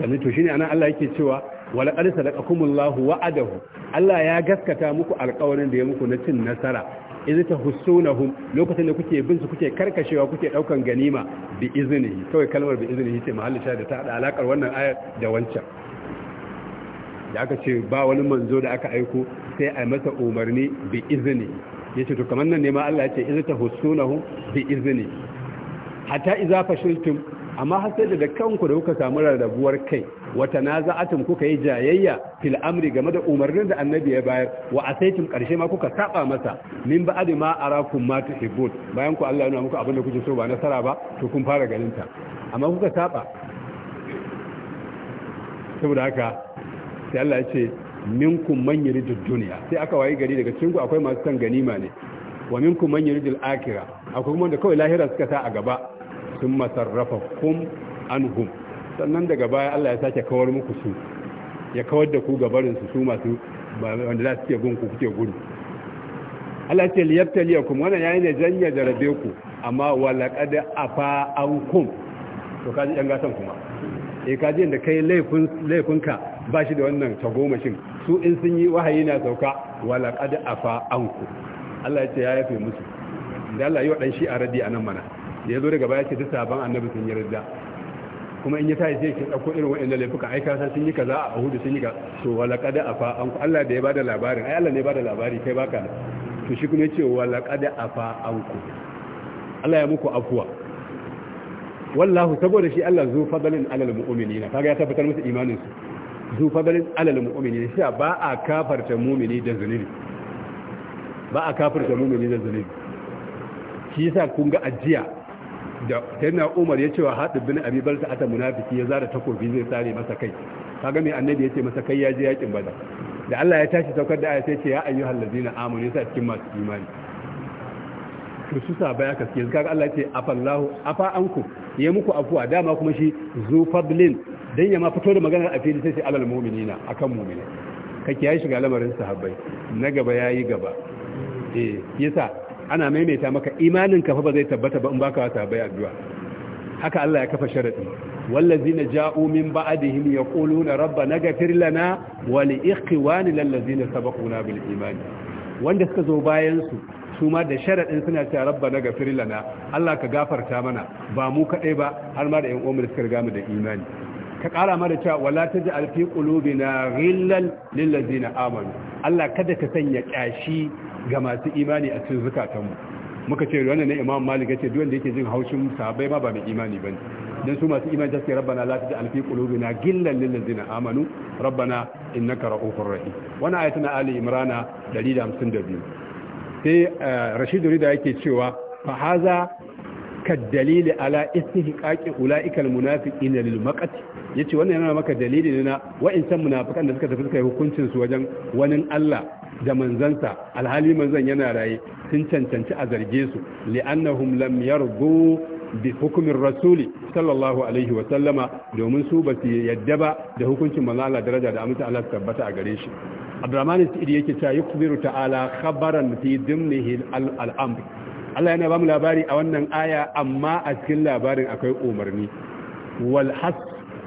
sannan to shine anan Allah yake cewa wala qad sadaqakumullahu wa'adahu Allah ya gaskata muku alƙawarin da ya muku na cin nasara idza tahussunahum lokacin da kuke bin su kuke karkashewa kuke daukan ganima bi izini kawai kalmar bi iznihi ce mahallin da ta hada alakar wannan ayar da wancan da aka ce ba wani manzo da aka aiko sai a masa umarni bi izini yace to kamar nan ne ma Allah yace idza tahussunahum bi izini hatta idza fashiltum amma har sai da kanku da kuka samu rarrabuwar kai wata naza'atum kuka yi jayayya fil amri game da umarnin da annabi ya bayar wa asaitum karshe ma kuka saba masa min ba ma arakum ma tuhibbun bayan ku Allah ya nuna muku abin da kuke so ba nasara ba to kun fara ganin ta amma kuka saba saboda haka sai Allah ya ce minkum man yuridu dunya sai aka wayi gari daga cikin ku akwai masu san ganima ne wa minkum man yuridu al-akhirah akwai kuma wanda kawai lahira suka sa a gaba sun masarrafa kum anhum sannan daga baya Allah ya sake kawar muku su ya kawar da ku gabarin su su masu wanda za su ke gunku kuke gudu Allah ce wani ya yi ne janya da rabe ku amma a afa ankum to kaji ɗan gasan kuma e eh, kaji yadda kai laifinka ba shi da wannan tagomashin su in sun yi wahayi na sauka a afa ku Allah ya ce ya yafe musu da Allah yi wa a shi a radi mana da ya zo daga baya ce duk sabon annabi sun yi radda kuma in ya yi zai ke dauko irin wa'annan laifuka ai ka sun yi kaza a hudu sun yi ka to wala qad afa an Allah da ya bada labarin ai Allah ne ya bada labari kai baka to shi kuma yace wala qad afa ku Allah ya muku afuwa wallahu saboda shi Allah zu fadalin alal mu'minina kaga ya tabbatar musu imanin su zu fadalin alal mu'minina sai ba a kafarta mu'mini da zunubi ba a kafarta mu'mini da zunubi shi yasa kun ga ajiya da tana Umar ya ce wa haɗu bin Abi Balta ata munafiki ya zara takobi zai sare masa kai kaga mai annabi ya ce masa kai ya je yakin bada da Allah ya tashi saukar da aya sai ce ya ayyuhal ladina amanu yasa cikin masu imani to su sa baya ka yanzu kaga Allah ya ce afallahu afa anku ya muku afuwa dama kuma shi zu dan ya ma fito da maganar a fili sai ce alal a akan mu'mina kake yayi shiga lamarin sahabbai na gaba yayi gaba eh yasa ana maimaita maka imanin kafa ba zai tabbata ba in baka wata bai addu'a haka Allah ya kafa sharadi wallazina ja'u min ba'dihim yaquluna rabbana ghfir lana wa li ikhwani allazina sabaquna bil iman wanda suka zo bayan su su ma da sharaɗin suna cewa rabba na lana Allah ka gafarta mana ba mu kaɗai ba har ma da yan umar suka riga mu da imani ka kara mana cewa wala ta ji alfi ghillan na lillazina amanu Allah kada ka sanya kyashi ga masu imani a cikin mu. muka ce wannan ne Imam Malik yace duk wanda yake jin haushin sahabbai ma ba mai imani bane dan su masu imani take rabbana la taj'al fi qulubina ghillan lil ladzina amanu rabbana innaka ra'ufur rahim wana ayatu na Ali imrana 152 sai eh, Rashid Rida yake cewa fa haza dalili ala istihqaqi ulaika munafiqina lil maqati ya ce wannan yana maka dalili na wa'incan munafikan da suka tafi suka yi hukuncin su wajen wani Allah da manzansa alhali manzan yana raye sun cancanci a zarge su li'annahum lam yarbu bi hukumin rasuli sallallahu alaihi wa sallama domin su ba su yadda ba da hukuncin manzon Allah daraja da aminta Allah tabbata a gare shi Abdurrahman Sidi yake cewa yukbiru ta'ala khabaran fi dimnihi al-amr Allah yana ba mu labari a wannan aya amma a cikin labarin akwai umarni wal has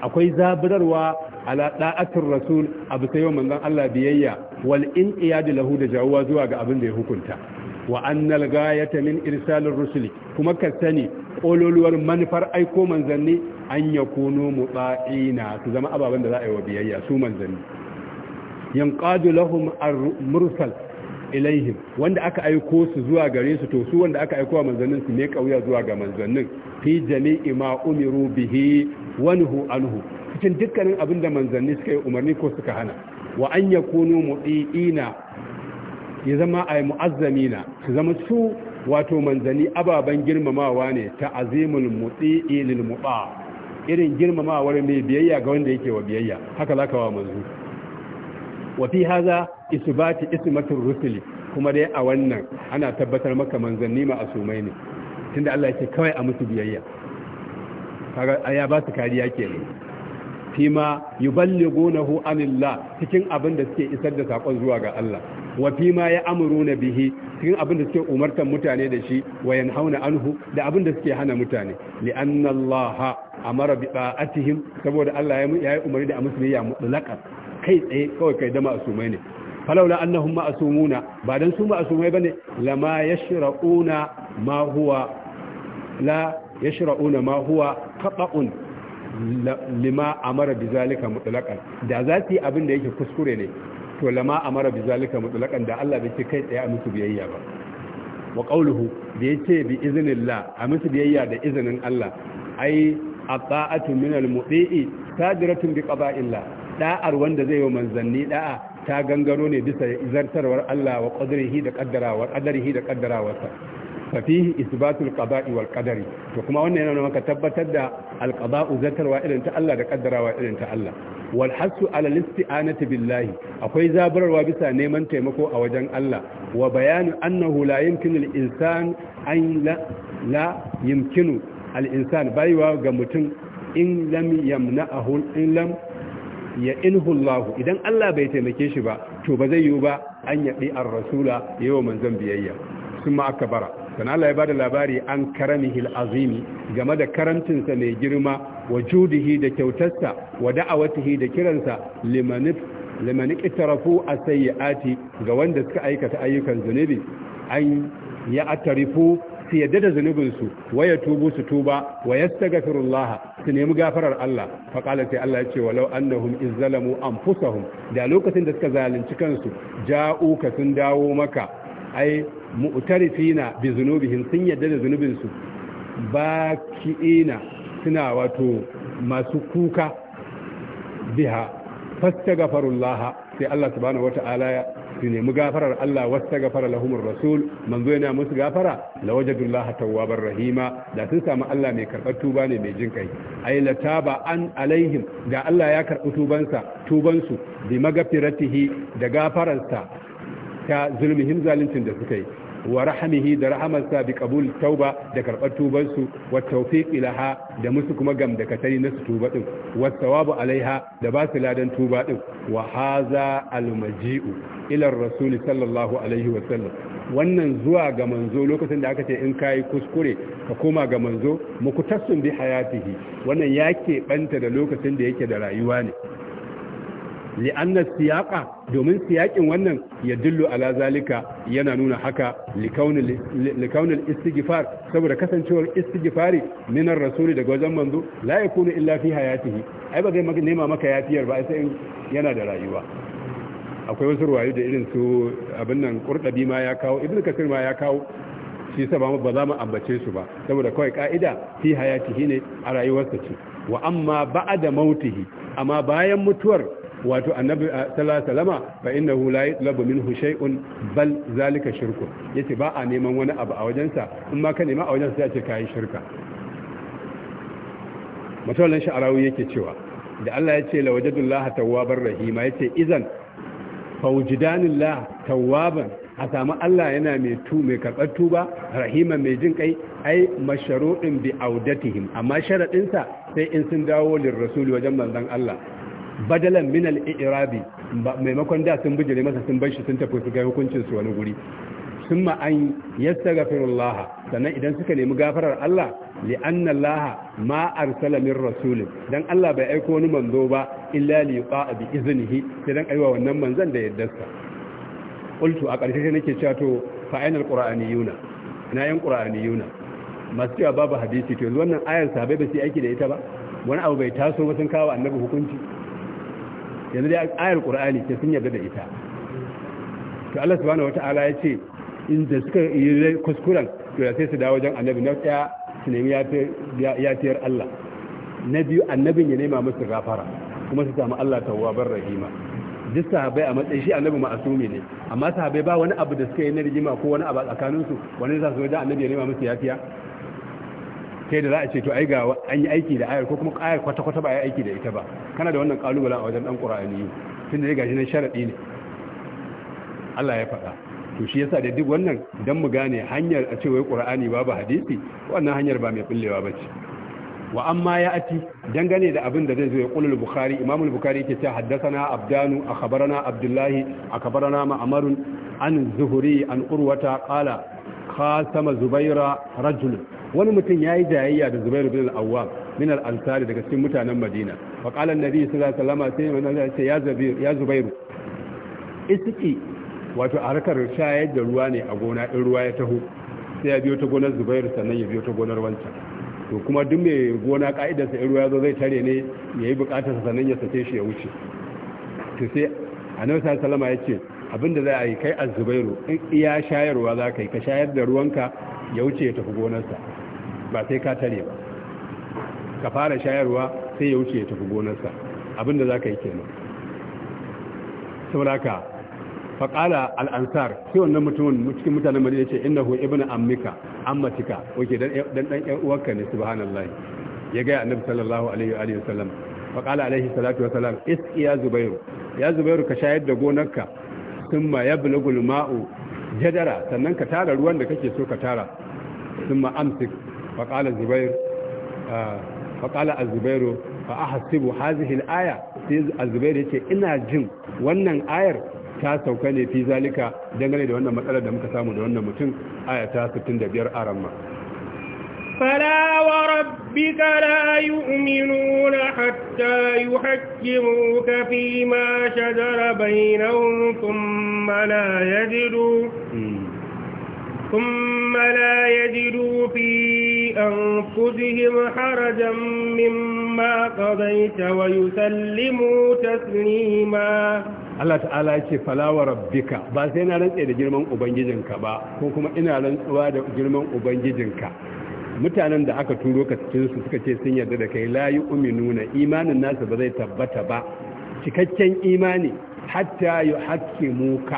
akwai zaburarwa ala da'atir rasul abu sayo manzon Allah biyayya wal iyadi lahu da jawuwa zuwa ga abin da ya hukunta wa annal gayata min irsalir rusuli kuma ka sani kololuwar manufar aiko manzanni an yakunu muta'ina su zama ababen da za a yi wa biyayya su manzanni yanqadu lahum ar mursal ilaihim wanda aka aiko su zuwa gare su to su wanda aka aiko wa manzannin su ne kauya zuwa ga manzannin fi jami'i ma umiru bihi wanhu anhu cikin dukkanin abin da manzanni suka yi umarni ko suka hana wa an yakunu mudiina ya zama ay muazzamina su zama su wato manzanni ababen girmamawa ne ta azimul mutii lil muta irin girmamawar mai biyayya ga wanda yake wa biyayya haka zaka wa manzo wa fi haza isbati ismatur rusuli kuma dai a wannan ana tabbatar maka manzanni ma asumai ne tunda Allah ya ce kawai a musu biyayya kaga ya ba su kariya fi ma yuballighunahu anillah cikin abin da suke isar da sakon zuwa ga Allah wa ma ya na bihi cikin abin da suke umartan mutane da shi wa yanhauna anhu da abin da suke hana mutane li anna Allah amara bi ta'atihim saboda Allah ya yi umarni da musulmiya mutlaqan kai tsaye kawai kai dama asumai ne falaula annahum ma'asumuna ba dan su ma'asumai bane lama yashra'una ma huwa la yashra'una ma huwa qata'un lima amara bizalika mutlaqan da za su yi abin da yake kuskure ne to lama amara bizalika mutlaqan da Allah bai ce kai tsaye a musu biyayya ba wa qawluhu da yace bi iznillah a musu biyayya da izinin Allah ai ata'atu minal mudi'i sajiratun bi qada'illah da'ar wanda zai yi manzanni da'a ta gangaro ne bisa zartarwar Allah wa qadarihi da qaddarawar adarihi da qaddarawarsa fa fihi isbatul qada'i wal qadari to kuma wannan yana maka tabbatar da al qada'u zartarwa irin ta Allah da qaddarawa irin ta Allah wal hasu ala isti'anati billahi akwai zabarwa bisa neman taimako a wajen Allah wa bayanu annahu la yumkinu al insan an la la yumkinu al insan baiwa ga mutum in lam yamna'ahu in lam ya inhullahu idan Allah bai taimake shi ba to ba zai yiwu ba an yaɗi an rasula yawa manzon biyayya sun ma aka bara sana Allah ya bada labari an karamihil azimi game da karamcinsa mai girma wa judihi da kyautarsa wa da'awatihi da kiransa limanif a ittarafu as ga wanda suka aikata ayyukan zunubi an ya atarifu su yadda da zunubinsu waya ya tubu su tuba wa yastaghfirullah su nemi gafarar Allah faƙalar sai Allah ya ce walau an fusa hun da lokacin da suka zalunci kansu ka sun dawo maka ai na bi zunubihin sun yadda da zunubinsu baki'ina suna wato masu kuka biha gafarullaha, sai Allah subhanahu wata'ala su nemi gafarar Allah wasta gafara lahumur rasul manzo yana musu gafara wajadullaha tawwabar rahima da sun samu Allah mai karɓar tuba ne mai jin kai ay lataba an alaihim da Allah ya karɓi tubansa tubansu bi magafiratihi da gafararsa ta zulmihim zaluncin da suka yi wa rahamihi da rahamarsa bi kabul tauba da karbar tubarsu su wa tawfiq ilaha da musu kuma gam da katari na su tuba din wa thawabu alaiha da ba su ladan tuba din wa haza al maji'u ila rasul sallallahu alaihi wa sallam wannan zuwa ga manzo lokacin da aka ce in kai kuskure ka koma ga manzo mukutassun bi hayatihi wannan yake banta da lokacin da yake da rayuwa ne li'anna siyaqa domin siyakin wannan ya dillu ala zalika yana nuna haka likaunil istighfar saboda kasancewar istighfari min ar-rasul daga wajen manzo la yakunu illa fi hayatihi ai ba zai nema maka yafiyar ba sai yana da rayuwa akwai wasu ruwayu da irin su abin nan qurdabi ma ya kawo ibnu kasir ma ya kawo shi ba za mu ambace su ba saboda kawai ka'ida fi hayatihi ne a rayuwarsa ce wa amma da mautihi amma bayan mutuwar wato annabi salama fa innahu la yatlabu minhu shay'un bal zalika shirku yace ba a neman wani abu a wajensa in ma ka nema a wajensa sai a ce kai shirka matsalan sha'arawi yake cewa da Allah ya ce la wajadullaha tawwabar rahima yace idan fawjidanillah tawwaban a samu Allah yana mai tu mai karɓar tuba rahima mai jin kai ai masharuɗin bi audatihim amma sharaɗinsa sai in sun dawo rasul wajen manzon Allah badalan min al-i'rabi maimakon da sun bijire masa sun bar shi sun tafi su ga hukuncin su wani guri sun an yastaghfirullah sannan idan suka nemi gafarar Allah li anna Allah ma arsala min rasul dan Allah bai aiko wani manzo ba illa li yuqa bi iznihi sai dan aiwa wannan manzon da sa qultu a ƙarshe nake cewa to fa ainal qur'aniyuna na yan qur'aniyuna masu cewa babu hadisi to wannan ayar sabai ba su aiki da ita ba wani abu bai taso ba sun kawo annabi hukunci yanzu dai ayar ƙura'ani ce sun yarda da ita to Allah subhanahu wataala ya ce in da suka yi kuskuren to sai su dawo wajen annabi na ɗaya su nemi yafiyar Allah na biyu annabin ya nema musu gafara kuma su samu Allah bar rahima duk sahabai a matsayin shi annabi ma'asumi ne amma sahabai ba wani abu da suka yi na rigima ko wani abu a tsakaninsu wani za su wajen annabi ya nema musu yafiya Sai da za a ce to ai ga an yi aiki da ayar ko kuma ayar kwata-kwata ba a yi aiki da ita ba kana da wannan kalubala a wajen dan qur'ani tun da gashi nan sharadi ne Allah ya faɗa to shi yasa da duk wannan idan mu gane hanyar a ce wai qur'ani ba hadisi wannan hanyar ba mai ba bace wa amma ya ati dangane da abin da zai zo ya kulul bukhari imamul bukhari yake cewa haddathana abdanu akhbarana abdullahi akhbarana ma'mar an zuhuri an urwata qala khasama zubaira rajul wani mutum ya yi jayayya da Zubairu bin al'awwa min al daga cikin mutanen Madina fa qala annabi sallallahu alaihi wasallam sai manzo ya ce ya Zubairu. isiki wato a harkar shayar da ruwa ne a gona in ruwa ya taho sai ya biyo ta gonar Zubairu sannan ya biyo ta gonar wancan to kuma duk mai gona ka'idarsa in ruwa ya zo zai tare ne yi bukatar sannan ya sace shi ya wuce to sai annabi sallallahu alaihi salama ya ce abinda za a yi kai az-zubairu in iya shayarwa za ka yi ka shayar da ruwanka ya wuce ya tafi gonarsa ba sai ka tare ba ka fara shayarwa sai ya wuce ya tafi gonarsa abinda za ka yi kenan sauraka faƙala al'ansar sai wannan mutumin cikin mutanen madina ce inda hu ibn an ammatika wake don ɗan uwarka ne subhanallahi ya gaya annabi sallallahu alaihi wa sallam faƙala alaihi salatu wa salam Iskiya zubairu ya zubairu ka shayar da gonarka ya yablughu ma'u jadara sannan ka tara ruwan da kake so ka tara thumma amsik فقال الزبير فقال الزبير فأحسب هذه الآية الزبير يتي إنا جن wannan ayar ta sauka ne fi zalika dangane da wannan matsalar da muka samu da wannan mutum aya ta 65 a ramma فلا وربك لا يؤمنون حتى يحكموك فيما شجر بينهم ثم لا يجدوا ثم لا يجدوا فيه أنفسهم حرجا مما قضيت ويسلموا تسليما Allah ta'ala yake falawa rabbika ba sai na rantse da girman ubangijinka ba ko kuma ina rantsuwa da girman ubangijinka mutanen da aka turo ka cikin su suka ce sun yarda da kai la yu'minuna imanin nasu ba zai tabbata ba cikakken imani hatta muka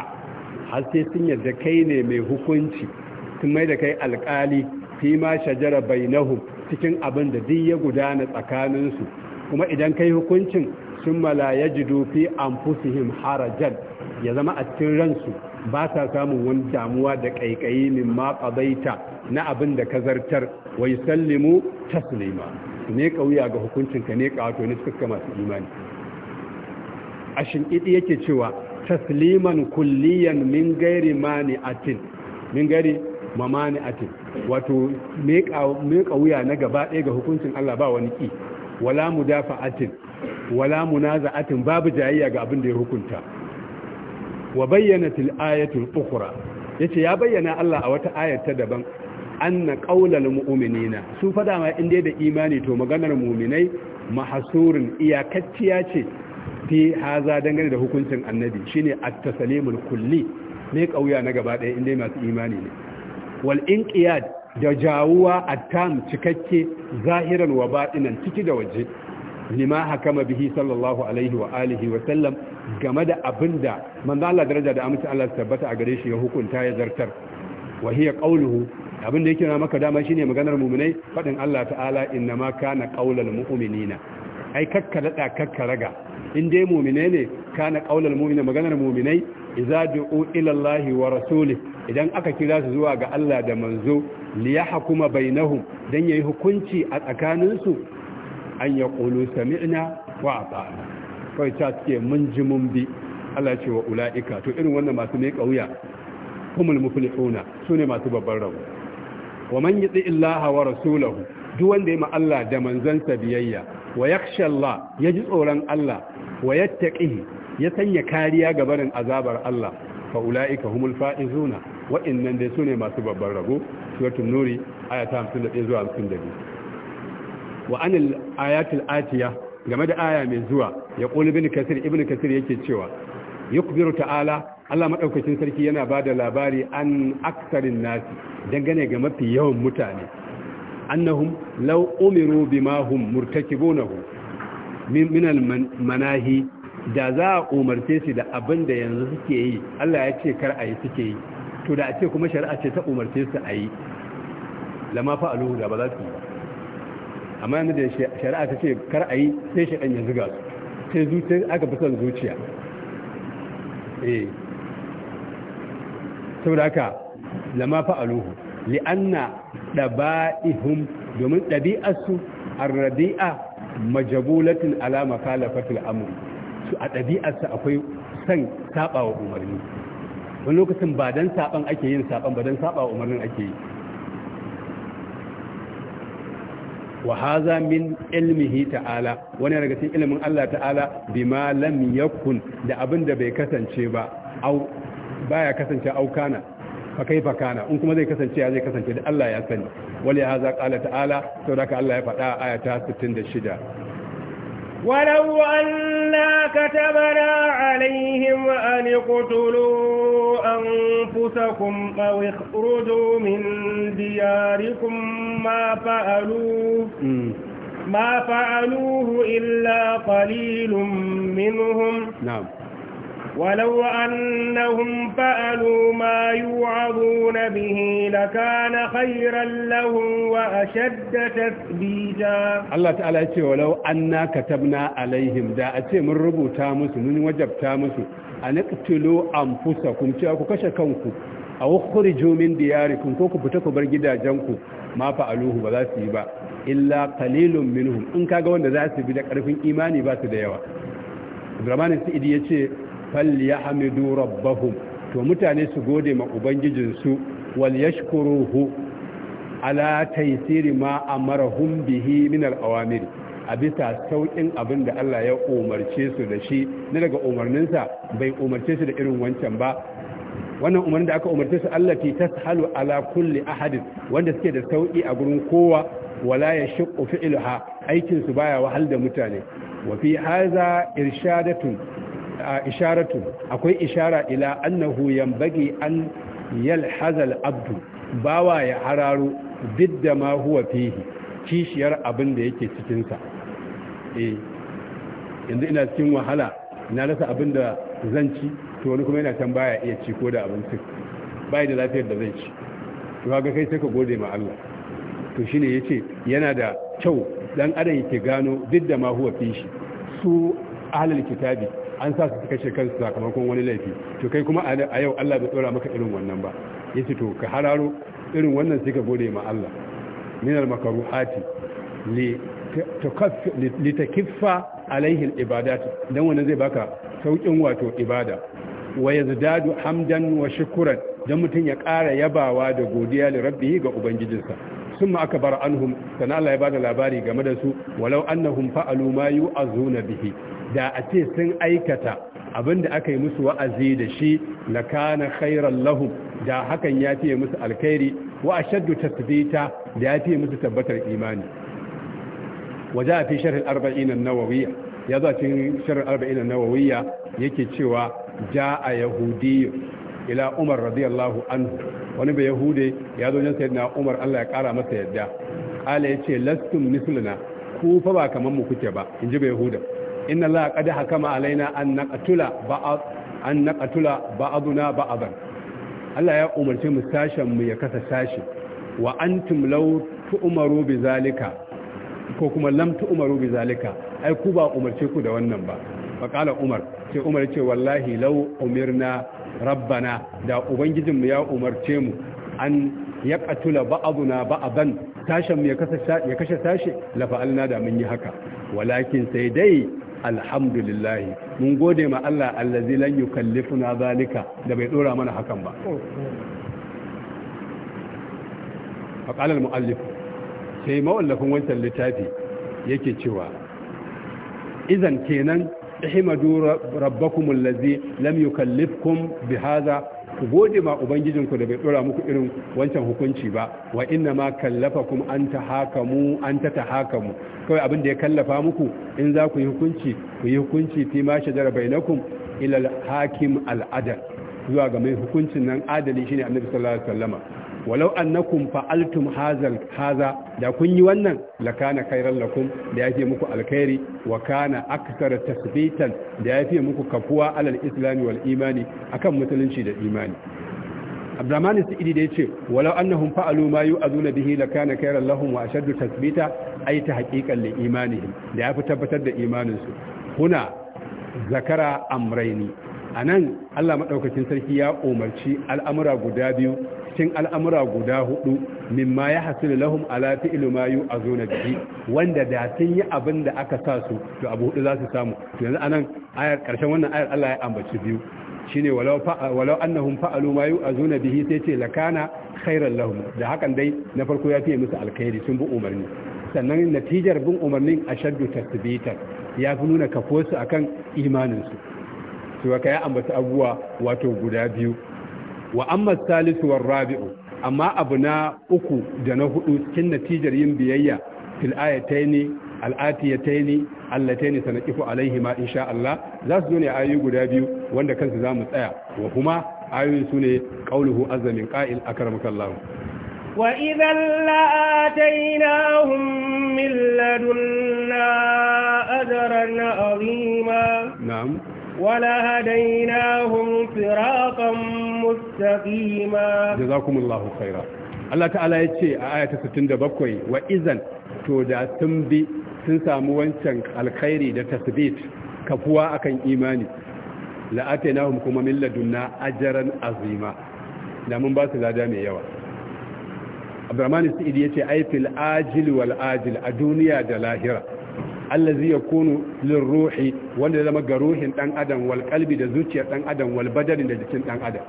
har sai sun yarda kai ne mai hukunci sun mai da kai alkali fi ma shajara bainahum cikin abin da duk ya gudana tsakaninsu kuma idan kai hukuncin sun mala ya jido fi anfusihim harajan ya zama a cikin ransu ba sa samun wani damuwa da kaikayi min ma qadaita na abin da ka zartar wa yusallimu taslima ne kauya ga hukuncin ka ne kawato ne suka masu imani a shinkidi yake cewa tasliman kulliyan min gairi atin min gairi mamani atin wato meka wuya na gaba ɗaya ga hukuncin Allah ba wani ƙi wala mu dafa atin wala mu munaza atin babu jayayya ga abin da ya hukunta wa bayyana til ayatul ukhra yace ya bayyana Allah a wata ayar ta daban anna qaulal mu'minina su fada ma inda da imani to maganar mu'minai mahsurun iyakacciya ce fi haza dangane da hukuncin annabi shine at-taslimul kulli ne kauya na gaba ɗaya inda masu imani ne wal da jawuwa attam cikakke zahiran wa batinan ciki da waje lima hakama bihi sallallahu alaihi wa alihi wa sallam game da abin da manzo Allah daraja da amince Allah tabbata a gare shi ya hukunta ya zartar wa hiya qawluhu abinda yake na maka dama shine maganar mu'minai fadin Allah ta'ala inna innama kana qawlal mu'minina ai kakka dada kakka raga in dai mu'mine ne kana qawlal mu'mina maganar mu'minai Iza du'u ila Allah wa rasulih idan aka kira su zuwa ga Allah da manzo li yahkuma bainahum dan yayi hukunci a tsakanin su an yaqulu sami'na wa ata'na kai ta ce mun ji mun bi Allah ce wa ula'ika to irin wannan masu ne kauya humul muflihuna sune masu babban rabu wa man yati illaha wa rasulahu duk wanda ya ma Allah da manzansa biyayya wa yakhsha Allah yaji tsoron Allah wa yattaqihi ya sanya kariya ga barin azabar Allah fa ulaika humul faizuna wa'annan dai sune masu babban rago suratul nuri ayata 51 zuwa 52 wa anil ayatil atiya game da aya mai zuwa ya qul ibn kasir ibn kasir yake cewa yukbiru ta'ala Allah madaukakin sarki yana bada labari an aktsarin nasi dangane ga mafi yawan mutane annahum law umiru bima hum murtakibunahu min manahi da za a umarce su da abin da yanzu suke yi Allah ya ce kar a yi suke yi to da a ce kuma shari'a ce ta umarce su a yi lama fa'aluhu da ba za su yi amma yanzu da shari'a ta ce kar a yi sai shi ɗan yanzu ga su sai zuciya aka fi son zuciya eh saboda haka lama fa'aluhu li'anna daba'ihum domin ɗabi'arsu arradi'a majabulatin ala makalafatil amr a ɗabi'arsa akwai son saba wa umarni wani lokacin ba don saban ake yin saban ba don saba wa umarnin ake yi wa haza min ilmihi ta'ala wani daga cikin ilimin Allah ta'ala ma lam yakun da abin da bai kasance ba au baya kasance au kana fa kaifa kana in kuma zai kasance ya zai kasance da Allah ya sani wali haza qala ta'ala saboda Allah ya faɗa a ayata 66 ولو أنا كتبنا عليهم أن اقتلوا أنفسكم أو اخرجوا من دياركم ما فعلوه ما فعلوه إلا قليل منهم نعم ولو أنهم فألوا ما يوعظون به لكان خيرا لهم وأشد تثبيتا الله تعالى يقول ولو أننا كتبنا عليهم دا أتي من ربو تامس من وجب تامس أن اقتلوا أنفسكم تأكو كشكنكم أو اخرجوا من دياركم كوكو بتكو برجدا جنكو ما فألوه بلا سيبا إلا قليل منهم إن كاقوان دا ذات بدا قرفين إيماني بات ديوا Abdurrahman Sa'idi ce, falyahmidu rabbahum to mutane su gode ma ubangijinsu wal yashkuruhu ala taysiri ma amarahum bihi min al awamir a bisa saukin abin da Allah ya umarce su da shi Na daga umarninsa bai umarce su da irin wancan ba wannan umarnin da aka umarce su Allah fi tashalu ala kulli ahadin wanda suke da sauki a gurin kowa wala ya fi'luha aikin su baya wahal da mutane wa fi haza irshadatun isharatu akwai ishara ila annahu yanbaghi an yalhazal abdu bawa ya hararo bidda ma huwa fihi kishiyar abin da yake cikin sa eh yanzu ina cikin wahala ina rasa abin da zan ci to wani kuma yana can baya iya ci ko da abin abincin bai da lafiyar da zai ci to ga kai sai ka gode ma Allah to shine yace yana da kyau dan adam yake gano didda ma huwa fihi su ahlul kitabi an sa su kashe kansu sakamakon wani laifi to kai kuma a yau Allah bai tsora maka irin wannan ba yace to ka hararo irin wannan sai ka gode ma Allah min al hati, li tukaffi li takiffa alaihi al ibadat dan zai baka saukin wato ibada wa yazdadu hamdan wa shukran dan mutun ya ƙara yabawa da godiya li rabbi ga ubangijinsa summa aka bar anhum sana Allah ya bada labari game da su walau annahum fa'alu ma yu'azuna bihi da a ce sun aikata abinda aka yi musu wa'azi da shi lakana khairan lahum da hakan ya fiye musu alkhairi wa ashaddu tasbita da ya fiye musu tabbatar imani waja fi sharh al-arba'in an-nawawiyya ya zo cikin sharh al-arba'in an-nawawiyya yake cewa ja'a yahudiyyun ila umar radiyallahu anhu wani bai yahude ya zo jan sayyidina umar Allah ya kara masa yadda ala yace lastum misluna ku fa ba kaman mu kuke ba in ji bai yahuda inna Allah qad hakama alaina an naqtula ba'd an naqtula ba'duna ba'dan Allah ya umarce mu sashen mu ya kasa sashi wa antum law tu'maru bi zalika ko kuma lam tu'maru bi zalika ai ku ba umarce ku da wannan ba faqala umar sai umar ce wallahi law umirna rabbana da ubangijinmu ya umarce mu an ya katula ba'aduna ba'adan tashin mu ya kashe tashi lafa'alna da mun yi haka walakin sai dai alhamdulillah mun gode ma Allah allazi lan yukallifuna zalika da bai dora mana hakan ba faqala almuallif sai mawallafin wancan littafi yake cewa idan kenan ihmadu rabbakum allazi lam yukallifkum bihaza ku gode ma ubangijinku da bai dora muku irin wancan hukunci ba wa inna ma kallafakum an tahakamu an tatahakamu kawai abin da ya kallafa muku in za ku yi hukunci ku yi hukunci fi ma shajara bainakum ila al-hakim al-adal zuwa ga mai hukuncin nan adali shine annabi sallallahu alaihi wasallama walau annakum fa'altum hazal haza da kun yi wannan lakana khairan lakum da yafi muku alkhairi wa kana akthar tasbitan da yafi muku kafuwa alal islami wal imani akan musulunci da imani Abdurrahman Sa'idi da yace walau annahum fa'alu ma yu'azuna bihi lakana khairan lahum wa ashaddu tasbita ay ta haqiqan li imanihim da yafi tabbatar da imaninsu huna zakara amraini a nan allah maɗaukacin sarki ya umarci al'amura guda biyu cikin al'amura guda hudu mimma ya hasilu lahum ala a zo na bihi wanda da sun yi abin da aka sa su to abu hudu za su samu yanzu anan ayar karshen wannan ayar Allah ya ambaci biyu shine walau walau annahum fa'alu ma yu'azuna bihi sai ce lakana khairan lahum da hakan dai na farko ya fiye musu alkhairi sun bi umarni sannan natijar bin umarnin ashaddu tasbitan ya fi nuna kafosu akan imanin su to ya ambaci abubuwa wato guda biyu wa amma salisu war rabi'u amma abu na uku da na hudu cikin natijar yin biyayya fil ayataini al'atiyataini allataini sanaqifu alaihi ma insha Allah za su zo ne ayoyi guda biyu wanda kansu za mu tsaya wa kuma ayoyin su ne qauluhu azza min qa'il akramakallahu wa idan la'atainahum min ladunna ajran azima na'am ولهديناهم صراطا مستقيما جزاكم الله خيرا Allah ta'ala ya ce a ayata 67 wa izan to da sun bi sun samu wancan alkhairi da tasbit kafuwa akan imani la'atainahum kuma min ladunna ajran azima da mun ba su lada mai yawa Abdurrahman Sa'id yace ai fil ajil wal ajil a duniya da lahira allazi yakunu lirruhi wanda zama ga ruhin dan adam wal qalbi da zuciyar dan adam wal da jikin dan adam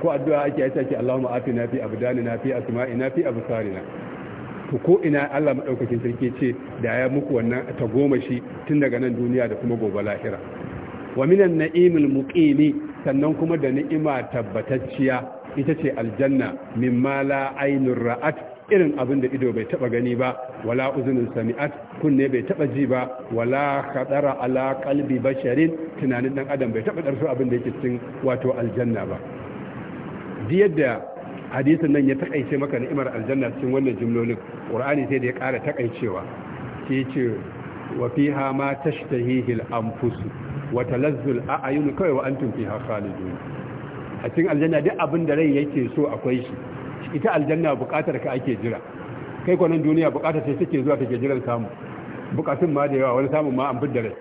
ko addu'a ake yi take Allahumma afina fi abdanina fi asma'ina fi absarina to ko ina Allah madaukakin sarki ce da ya muku wannan ta goma shi tun daga nan duniya da kuma gobe lahira wa minan na'imil muqimi sannan kuma da ni'ima tabbatacciya ita ce aljanna mimma la ainur ra'at irin abin da ido bai taba gani ba wala uzunin sami'at kunne bai taba ji ba wala khadara ala qalbi basharin tunanin dan adam bai taba darso abin da yake cikin wato aljanna ba yadda hadisin nan ya takaice maka ni'imar aljanna cikin wannan jumlolin qur'ani sai da ya ƙara takaicewa sai ce wa fiha ma tashtahihi al-anfus wa talazzu al-a'yun kawai wa antum fiha khalidun a cikin aljanna duk abin da rai yake so akwai shi ita aljanna bukatar ka ake jira kai kwanan duniya bukatar sai suke zuwa take jiran samu bukatun ma da yawa wani samun ma an da rai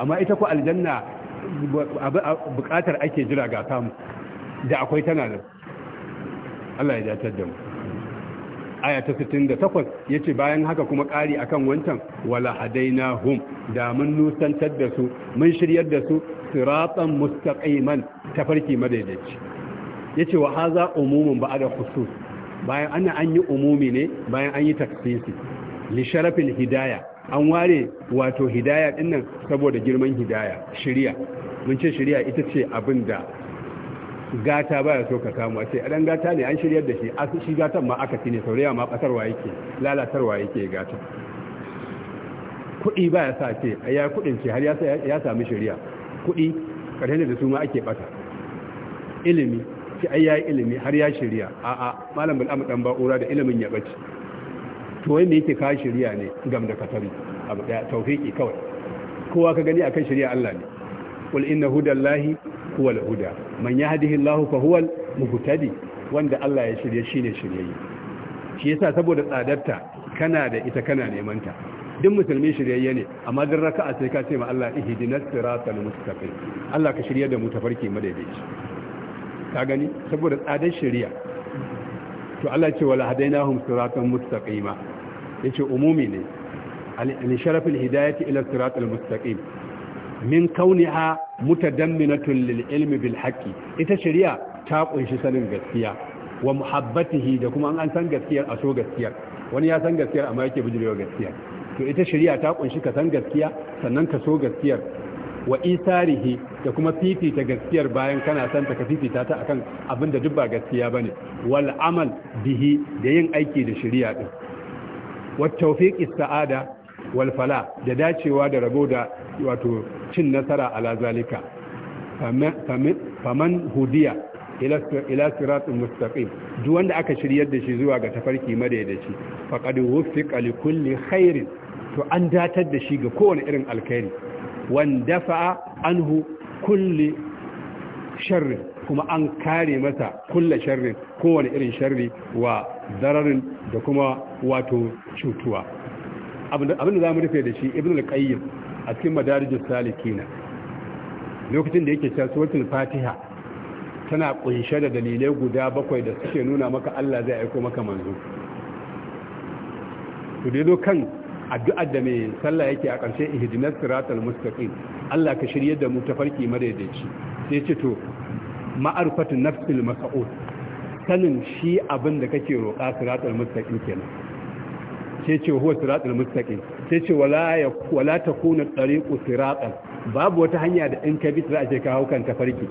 amma ita ku aljanna bukatar ake jira ga samu da akwai tana nan Allah ya datar da mu aya ta 68 yace bayan haka kuma ƙari akan wancan wala hum da mun nusantar da su mun shiryar da su siratan mustaqiman tafarki madaidaici Ya ce wa haza umumin ba a da khusus bayan ana an yi umumi ne bayan an yi taksisi li sharafin hidaya an ware wato hidaya dinnan saboda girman hidaya shari'a mun ce shari'a ita ce abin da gata baya so ka samu ce dan gata ne an shiryar da shi a shi gatan ma aka ne sauraya ma kasarwa yake lalatarwa yake gata kuɗi baya sa ce ya kuɗin ce har ya sami shari'a kuɗi ƙarfi da su ma ake ɓata ilimi ce ai yayi ilimi har ya shirya a malam bil'am dan ba'ura da ilimin ya bace to wanda yake ka shirya ne gam da katari abu da tauhiki kawai kowa ka gani akan shirya Allah ne qul inna hudallahi huwal huda man Allahu fa huwal muhtadi wanda Allah ya shirye shine shiryayye shi yasa saboda tsadarta kana da ita kana neman ta duk musulmi shiryayye ne amma duk raka'a sai ka ce ma Allah ihdinas siratal mustaqim Allah ka shirye da mu tafarki madaidaici ka gani saboda tsadar shari'a to Allah ce wala hum siratan mustaqima yace umumi ne al sharaf al hidayati ila sirat al mustaqim min kauniha mutadamminatun lil ilmi bil haqqi ita shari'a ta kunshi sanin gaskiya wa muhabbatihi da kuma an san gaskiyar a so gaskiyar wani ya san gaskiyar amma yake bijirewa gaskiya to ita shari'a ta kunshi ka san gaskiya sannan ka so gaskiyar wa isarihi da kuma fifita gaskiyar bayan kana santa ka fifita ta akan abin da duk ba gaskiya bane wal amal bihi da yin aiki da shari'a din wa tawfiq sa'ada wal fala da dacewa da rabo da wato cin nasara ala zalika faman hudiya ila siratun mustaqim duk wanda aka shiryar da shi zuwa ga tafarki madaidaci faqad wufiqa li kulli khairin to an datar da shi ga kowane irin alkhairi wandafa anhu kulli sharri kuma an kare masa kulla sharrin kowane irin sharri wa zararin da kuma wato cutuwa abin da za mu rufe da shi ibn al-qayyim a cikin madarijus salikina lokacin da yake cewa suratul fatiha tana kunshe da dalilai guda bakwai da suke nuna maka Allah zai aiko maka manzo to dai kan addu'ar da mai sallah yake a ƙarshe ihdinas siratal mustaqim Allah ka shirye da mu tafarki madaidaici sai ce to ma'arfatu nafsil mas'ud sanin shi abin da kake roƙa siratal mustaqim kenan sai ce huwa siratal mustaqim sai ce wala ya wala takuna tariqu siratal babu wata hanya da in ka bi ta ake je ka hau kan tafarki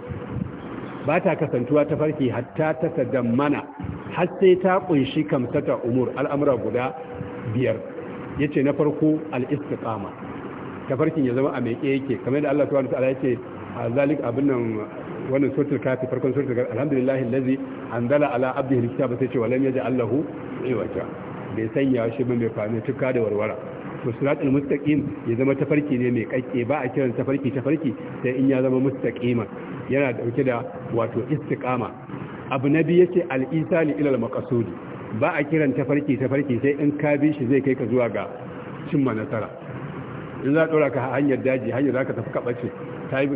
ba ta kasantuwa tafarki hatta ta sadammana har sai ta kunshi kamsata umur al'amura guda biyar yace na farko al-istiqama tafarkin ya zama a mai yake kamar da Allah subhanahu wataala yake a zalik abin nan wannan suratul kafi farkon suratul kafi alhamdulillahi allazi anzala ala abdihi ba sai ce walam allahu lahu iwaja bai sanya shi ba mai fami tuka da warwara to siratul mustaqim ya zama tafarki ne mai kakke ba a kiran tafarki tafarki sai in ya zama mustaqima yana dauke da wato istiqama abu nabi yace al-isali ila al-maqsudi ba a kiran tafarki tafarki sai in ka bi shi zai kai ka zuwa ga cimma nasara in za a ɗora ka hanyar daji hanyar za ka tafi kaɓace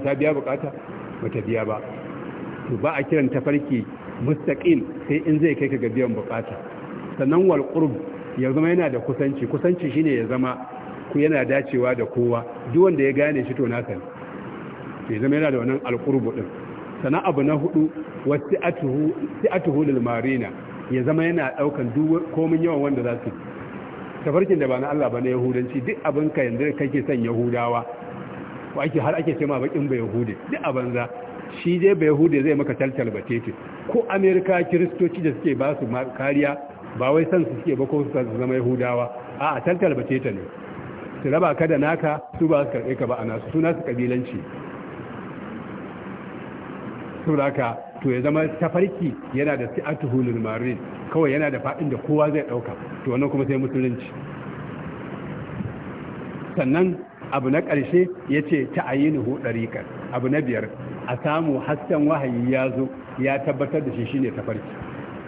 ta biya bukata ba ta biya ba to ba a kiran tafarki mustaƙil sai in zai kai ka ga biyan bukata sannan wal ya zama yana da kusanci kusanci shine ya zama ku yana dacewa da kowa duk wanda ya gane shi to na sani ya zama yana da wannan alƙurubu ɗin. din sannan abu na hudu wasu si'atuhu lil marina ya zama yana daukan duk komin yawan wanda za su tafarkin da ba na Allah ba na yahudanci duk abin ka yanzu kake son yahudawa ko ake har ake cewa bakin ba yahude duk abin za shi dai ba yahude zai maka taltal batete ko amerika kiristoci da suke ba su kariya ba wai san su suke ba ko su zama yahudawa a'a taltal ta ne su raba ka da naka su ba su karɓe ka ba a nasu suna su kabilanci saboda to ya zama tafarki yana da hulun marin kawai yana da fadin da kowa zai dauka to wannan kuma sai musulunci sannan abu na ƙarshe ya ce ta ayyini hudarikar abu na biyar a samu hasken wahayi ya zo ya tabbatar da shi shine tafarki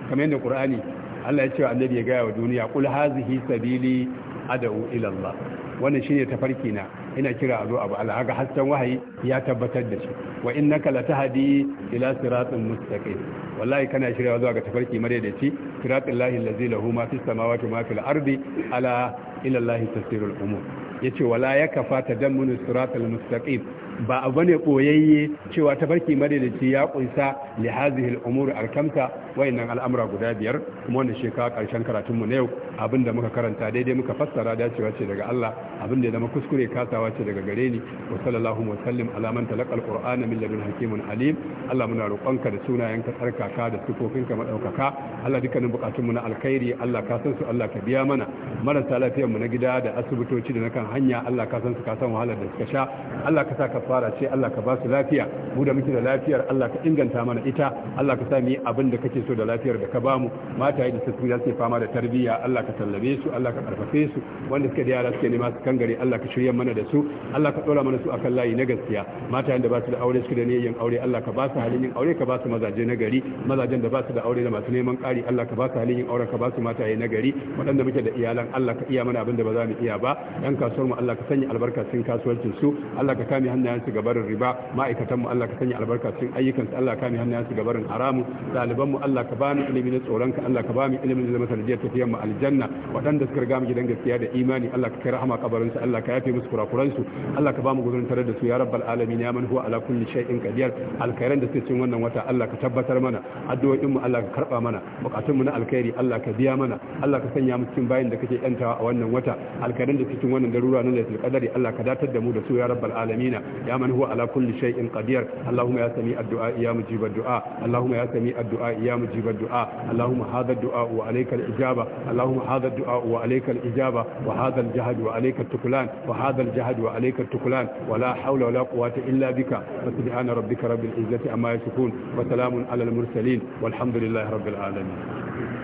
kamar yadda ƙur'ani Allah ya ce wa annabi ya gaya wa duniya kul hazihi sabili ad'u ila Allah wannan shine tafarki na ina kira a zo abu alhaga hasken wahayi ya tabbatar da shi wa innaka latahdi ila siratin mustaqim wallahi kana shirya zuwa ga tafarki madaidaici siratin lahi allazi lahu ma fis samawati ma fil ardi ala ila allahi tasirul umur yace wala yakfa tadammunu siratal mustaqim ba a ne koyayye cewa ta tafarki madadaci ya kunsa li hazihil umur alkamta wayannan al'amura guda biyar kuma wannan shekara karshen karatun mu na yau abinda muka karanta daidai muka fassara dacewa ce daga Allah abinda ya zama kuskure kasawa ce daga gare ni wa sallallahu wa sallim ala man talaqa alqur'ana min ladun hakimun alim Allah muna roƙonka da sunayenka tsarkaka da ka madaukaka Allah dukkanin bukatun mu na alkhairi Allah ka san su Allah ka biya mana marasa lafiyar mu na gida da asibitoci da na kan hanya Allah ka san su ka san wahalar da suka sha Allah ka sa ka kafara ce Allah ka ba su lafiya mu da muke da lafiyar Allah ka inganta mana ita Allah ka sa mu abin da kake so da lafiyar da ka ba mu mata da su za su fama da tarbiyya Allah ka tallabe su Allah ka karfafe su wanda suka da yara suke nema su kangare Allah ka shirya mana da su Allah ka dora mana su akan layi na gaskiya mata da ba su da aure suke da niyyar aure Allah ka ba su halin yin aure ka ba su mazaje na gari mazajen da ba su da aure da masu neman ƙari Allah ka ba su halin yin aure ka ba su mataye na gari waɗanda muke da iyalan Allah ka iya mana abin da ba za mu iya ba yan kasuwar mu Allah ka sanya albarka cikin kasuwancin su Allah ka kame hannu hannayensu ga barin riba ma'aikatan mu Allah ka sanya albarka cikin ayyukan su Allah ka mi hannayensu ga barin haramu ɗaliban mu Allah ka bani ilimi na tsoron ka Allah ka bani ilimin da zama sanadiyar tafiyar mu aljanna waɗanda suka riga mu gidan gaskiya da imani Allah ka kai rahama kabarin su Allah ka yafe musu kurakuran su Allah ka ba mu tare da su ya rabbal alamin ya man huwa ala kulli shay'in qadir alkhairan da suke cikin wannan wata Allah ka tabbatar mana addu'o'in mu Allah ka karba mana bukatun mu na alkhairi Allah ka biya mana Allah ka sanya mu cikin bayin da kake yantawa a wannan wata alkhairan da suke cikin wannan darura na lailatul qadari Allah ka datar da mu da su ya rabbal alamin يا من هو على كل شيء قدير اللهم يا سميع الدعاء يا مجيب الدعاء اللهم يا سميع الدعاء يا مجيب الدعاء اللهم هذا الدعاء وعليك الإجابة اللهم هذا الدعاء وعليك الإجابة وهذا الجهد وعليك التكلان وهذا الجهد وعليك التكلان ولا حول ولا قوة إلا بك وسبحان ربك رب العزة أما يشكون وسلام على المرسلين والحمد لله رب العالمين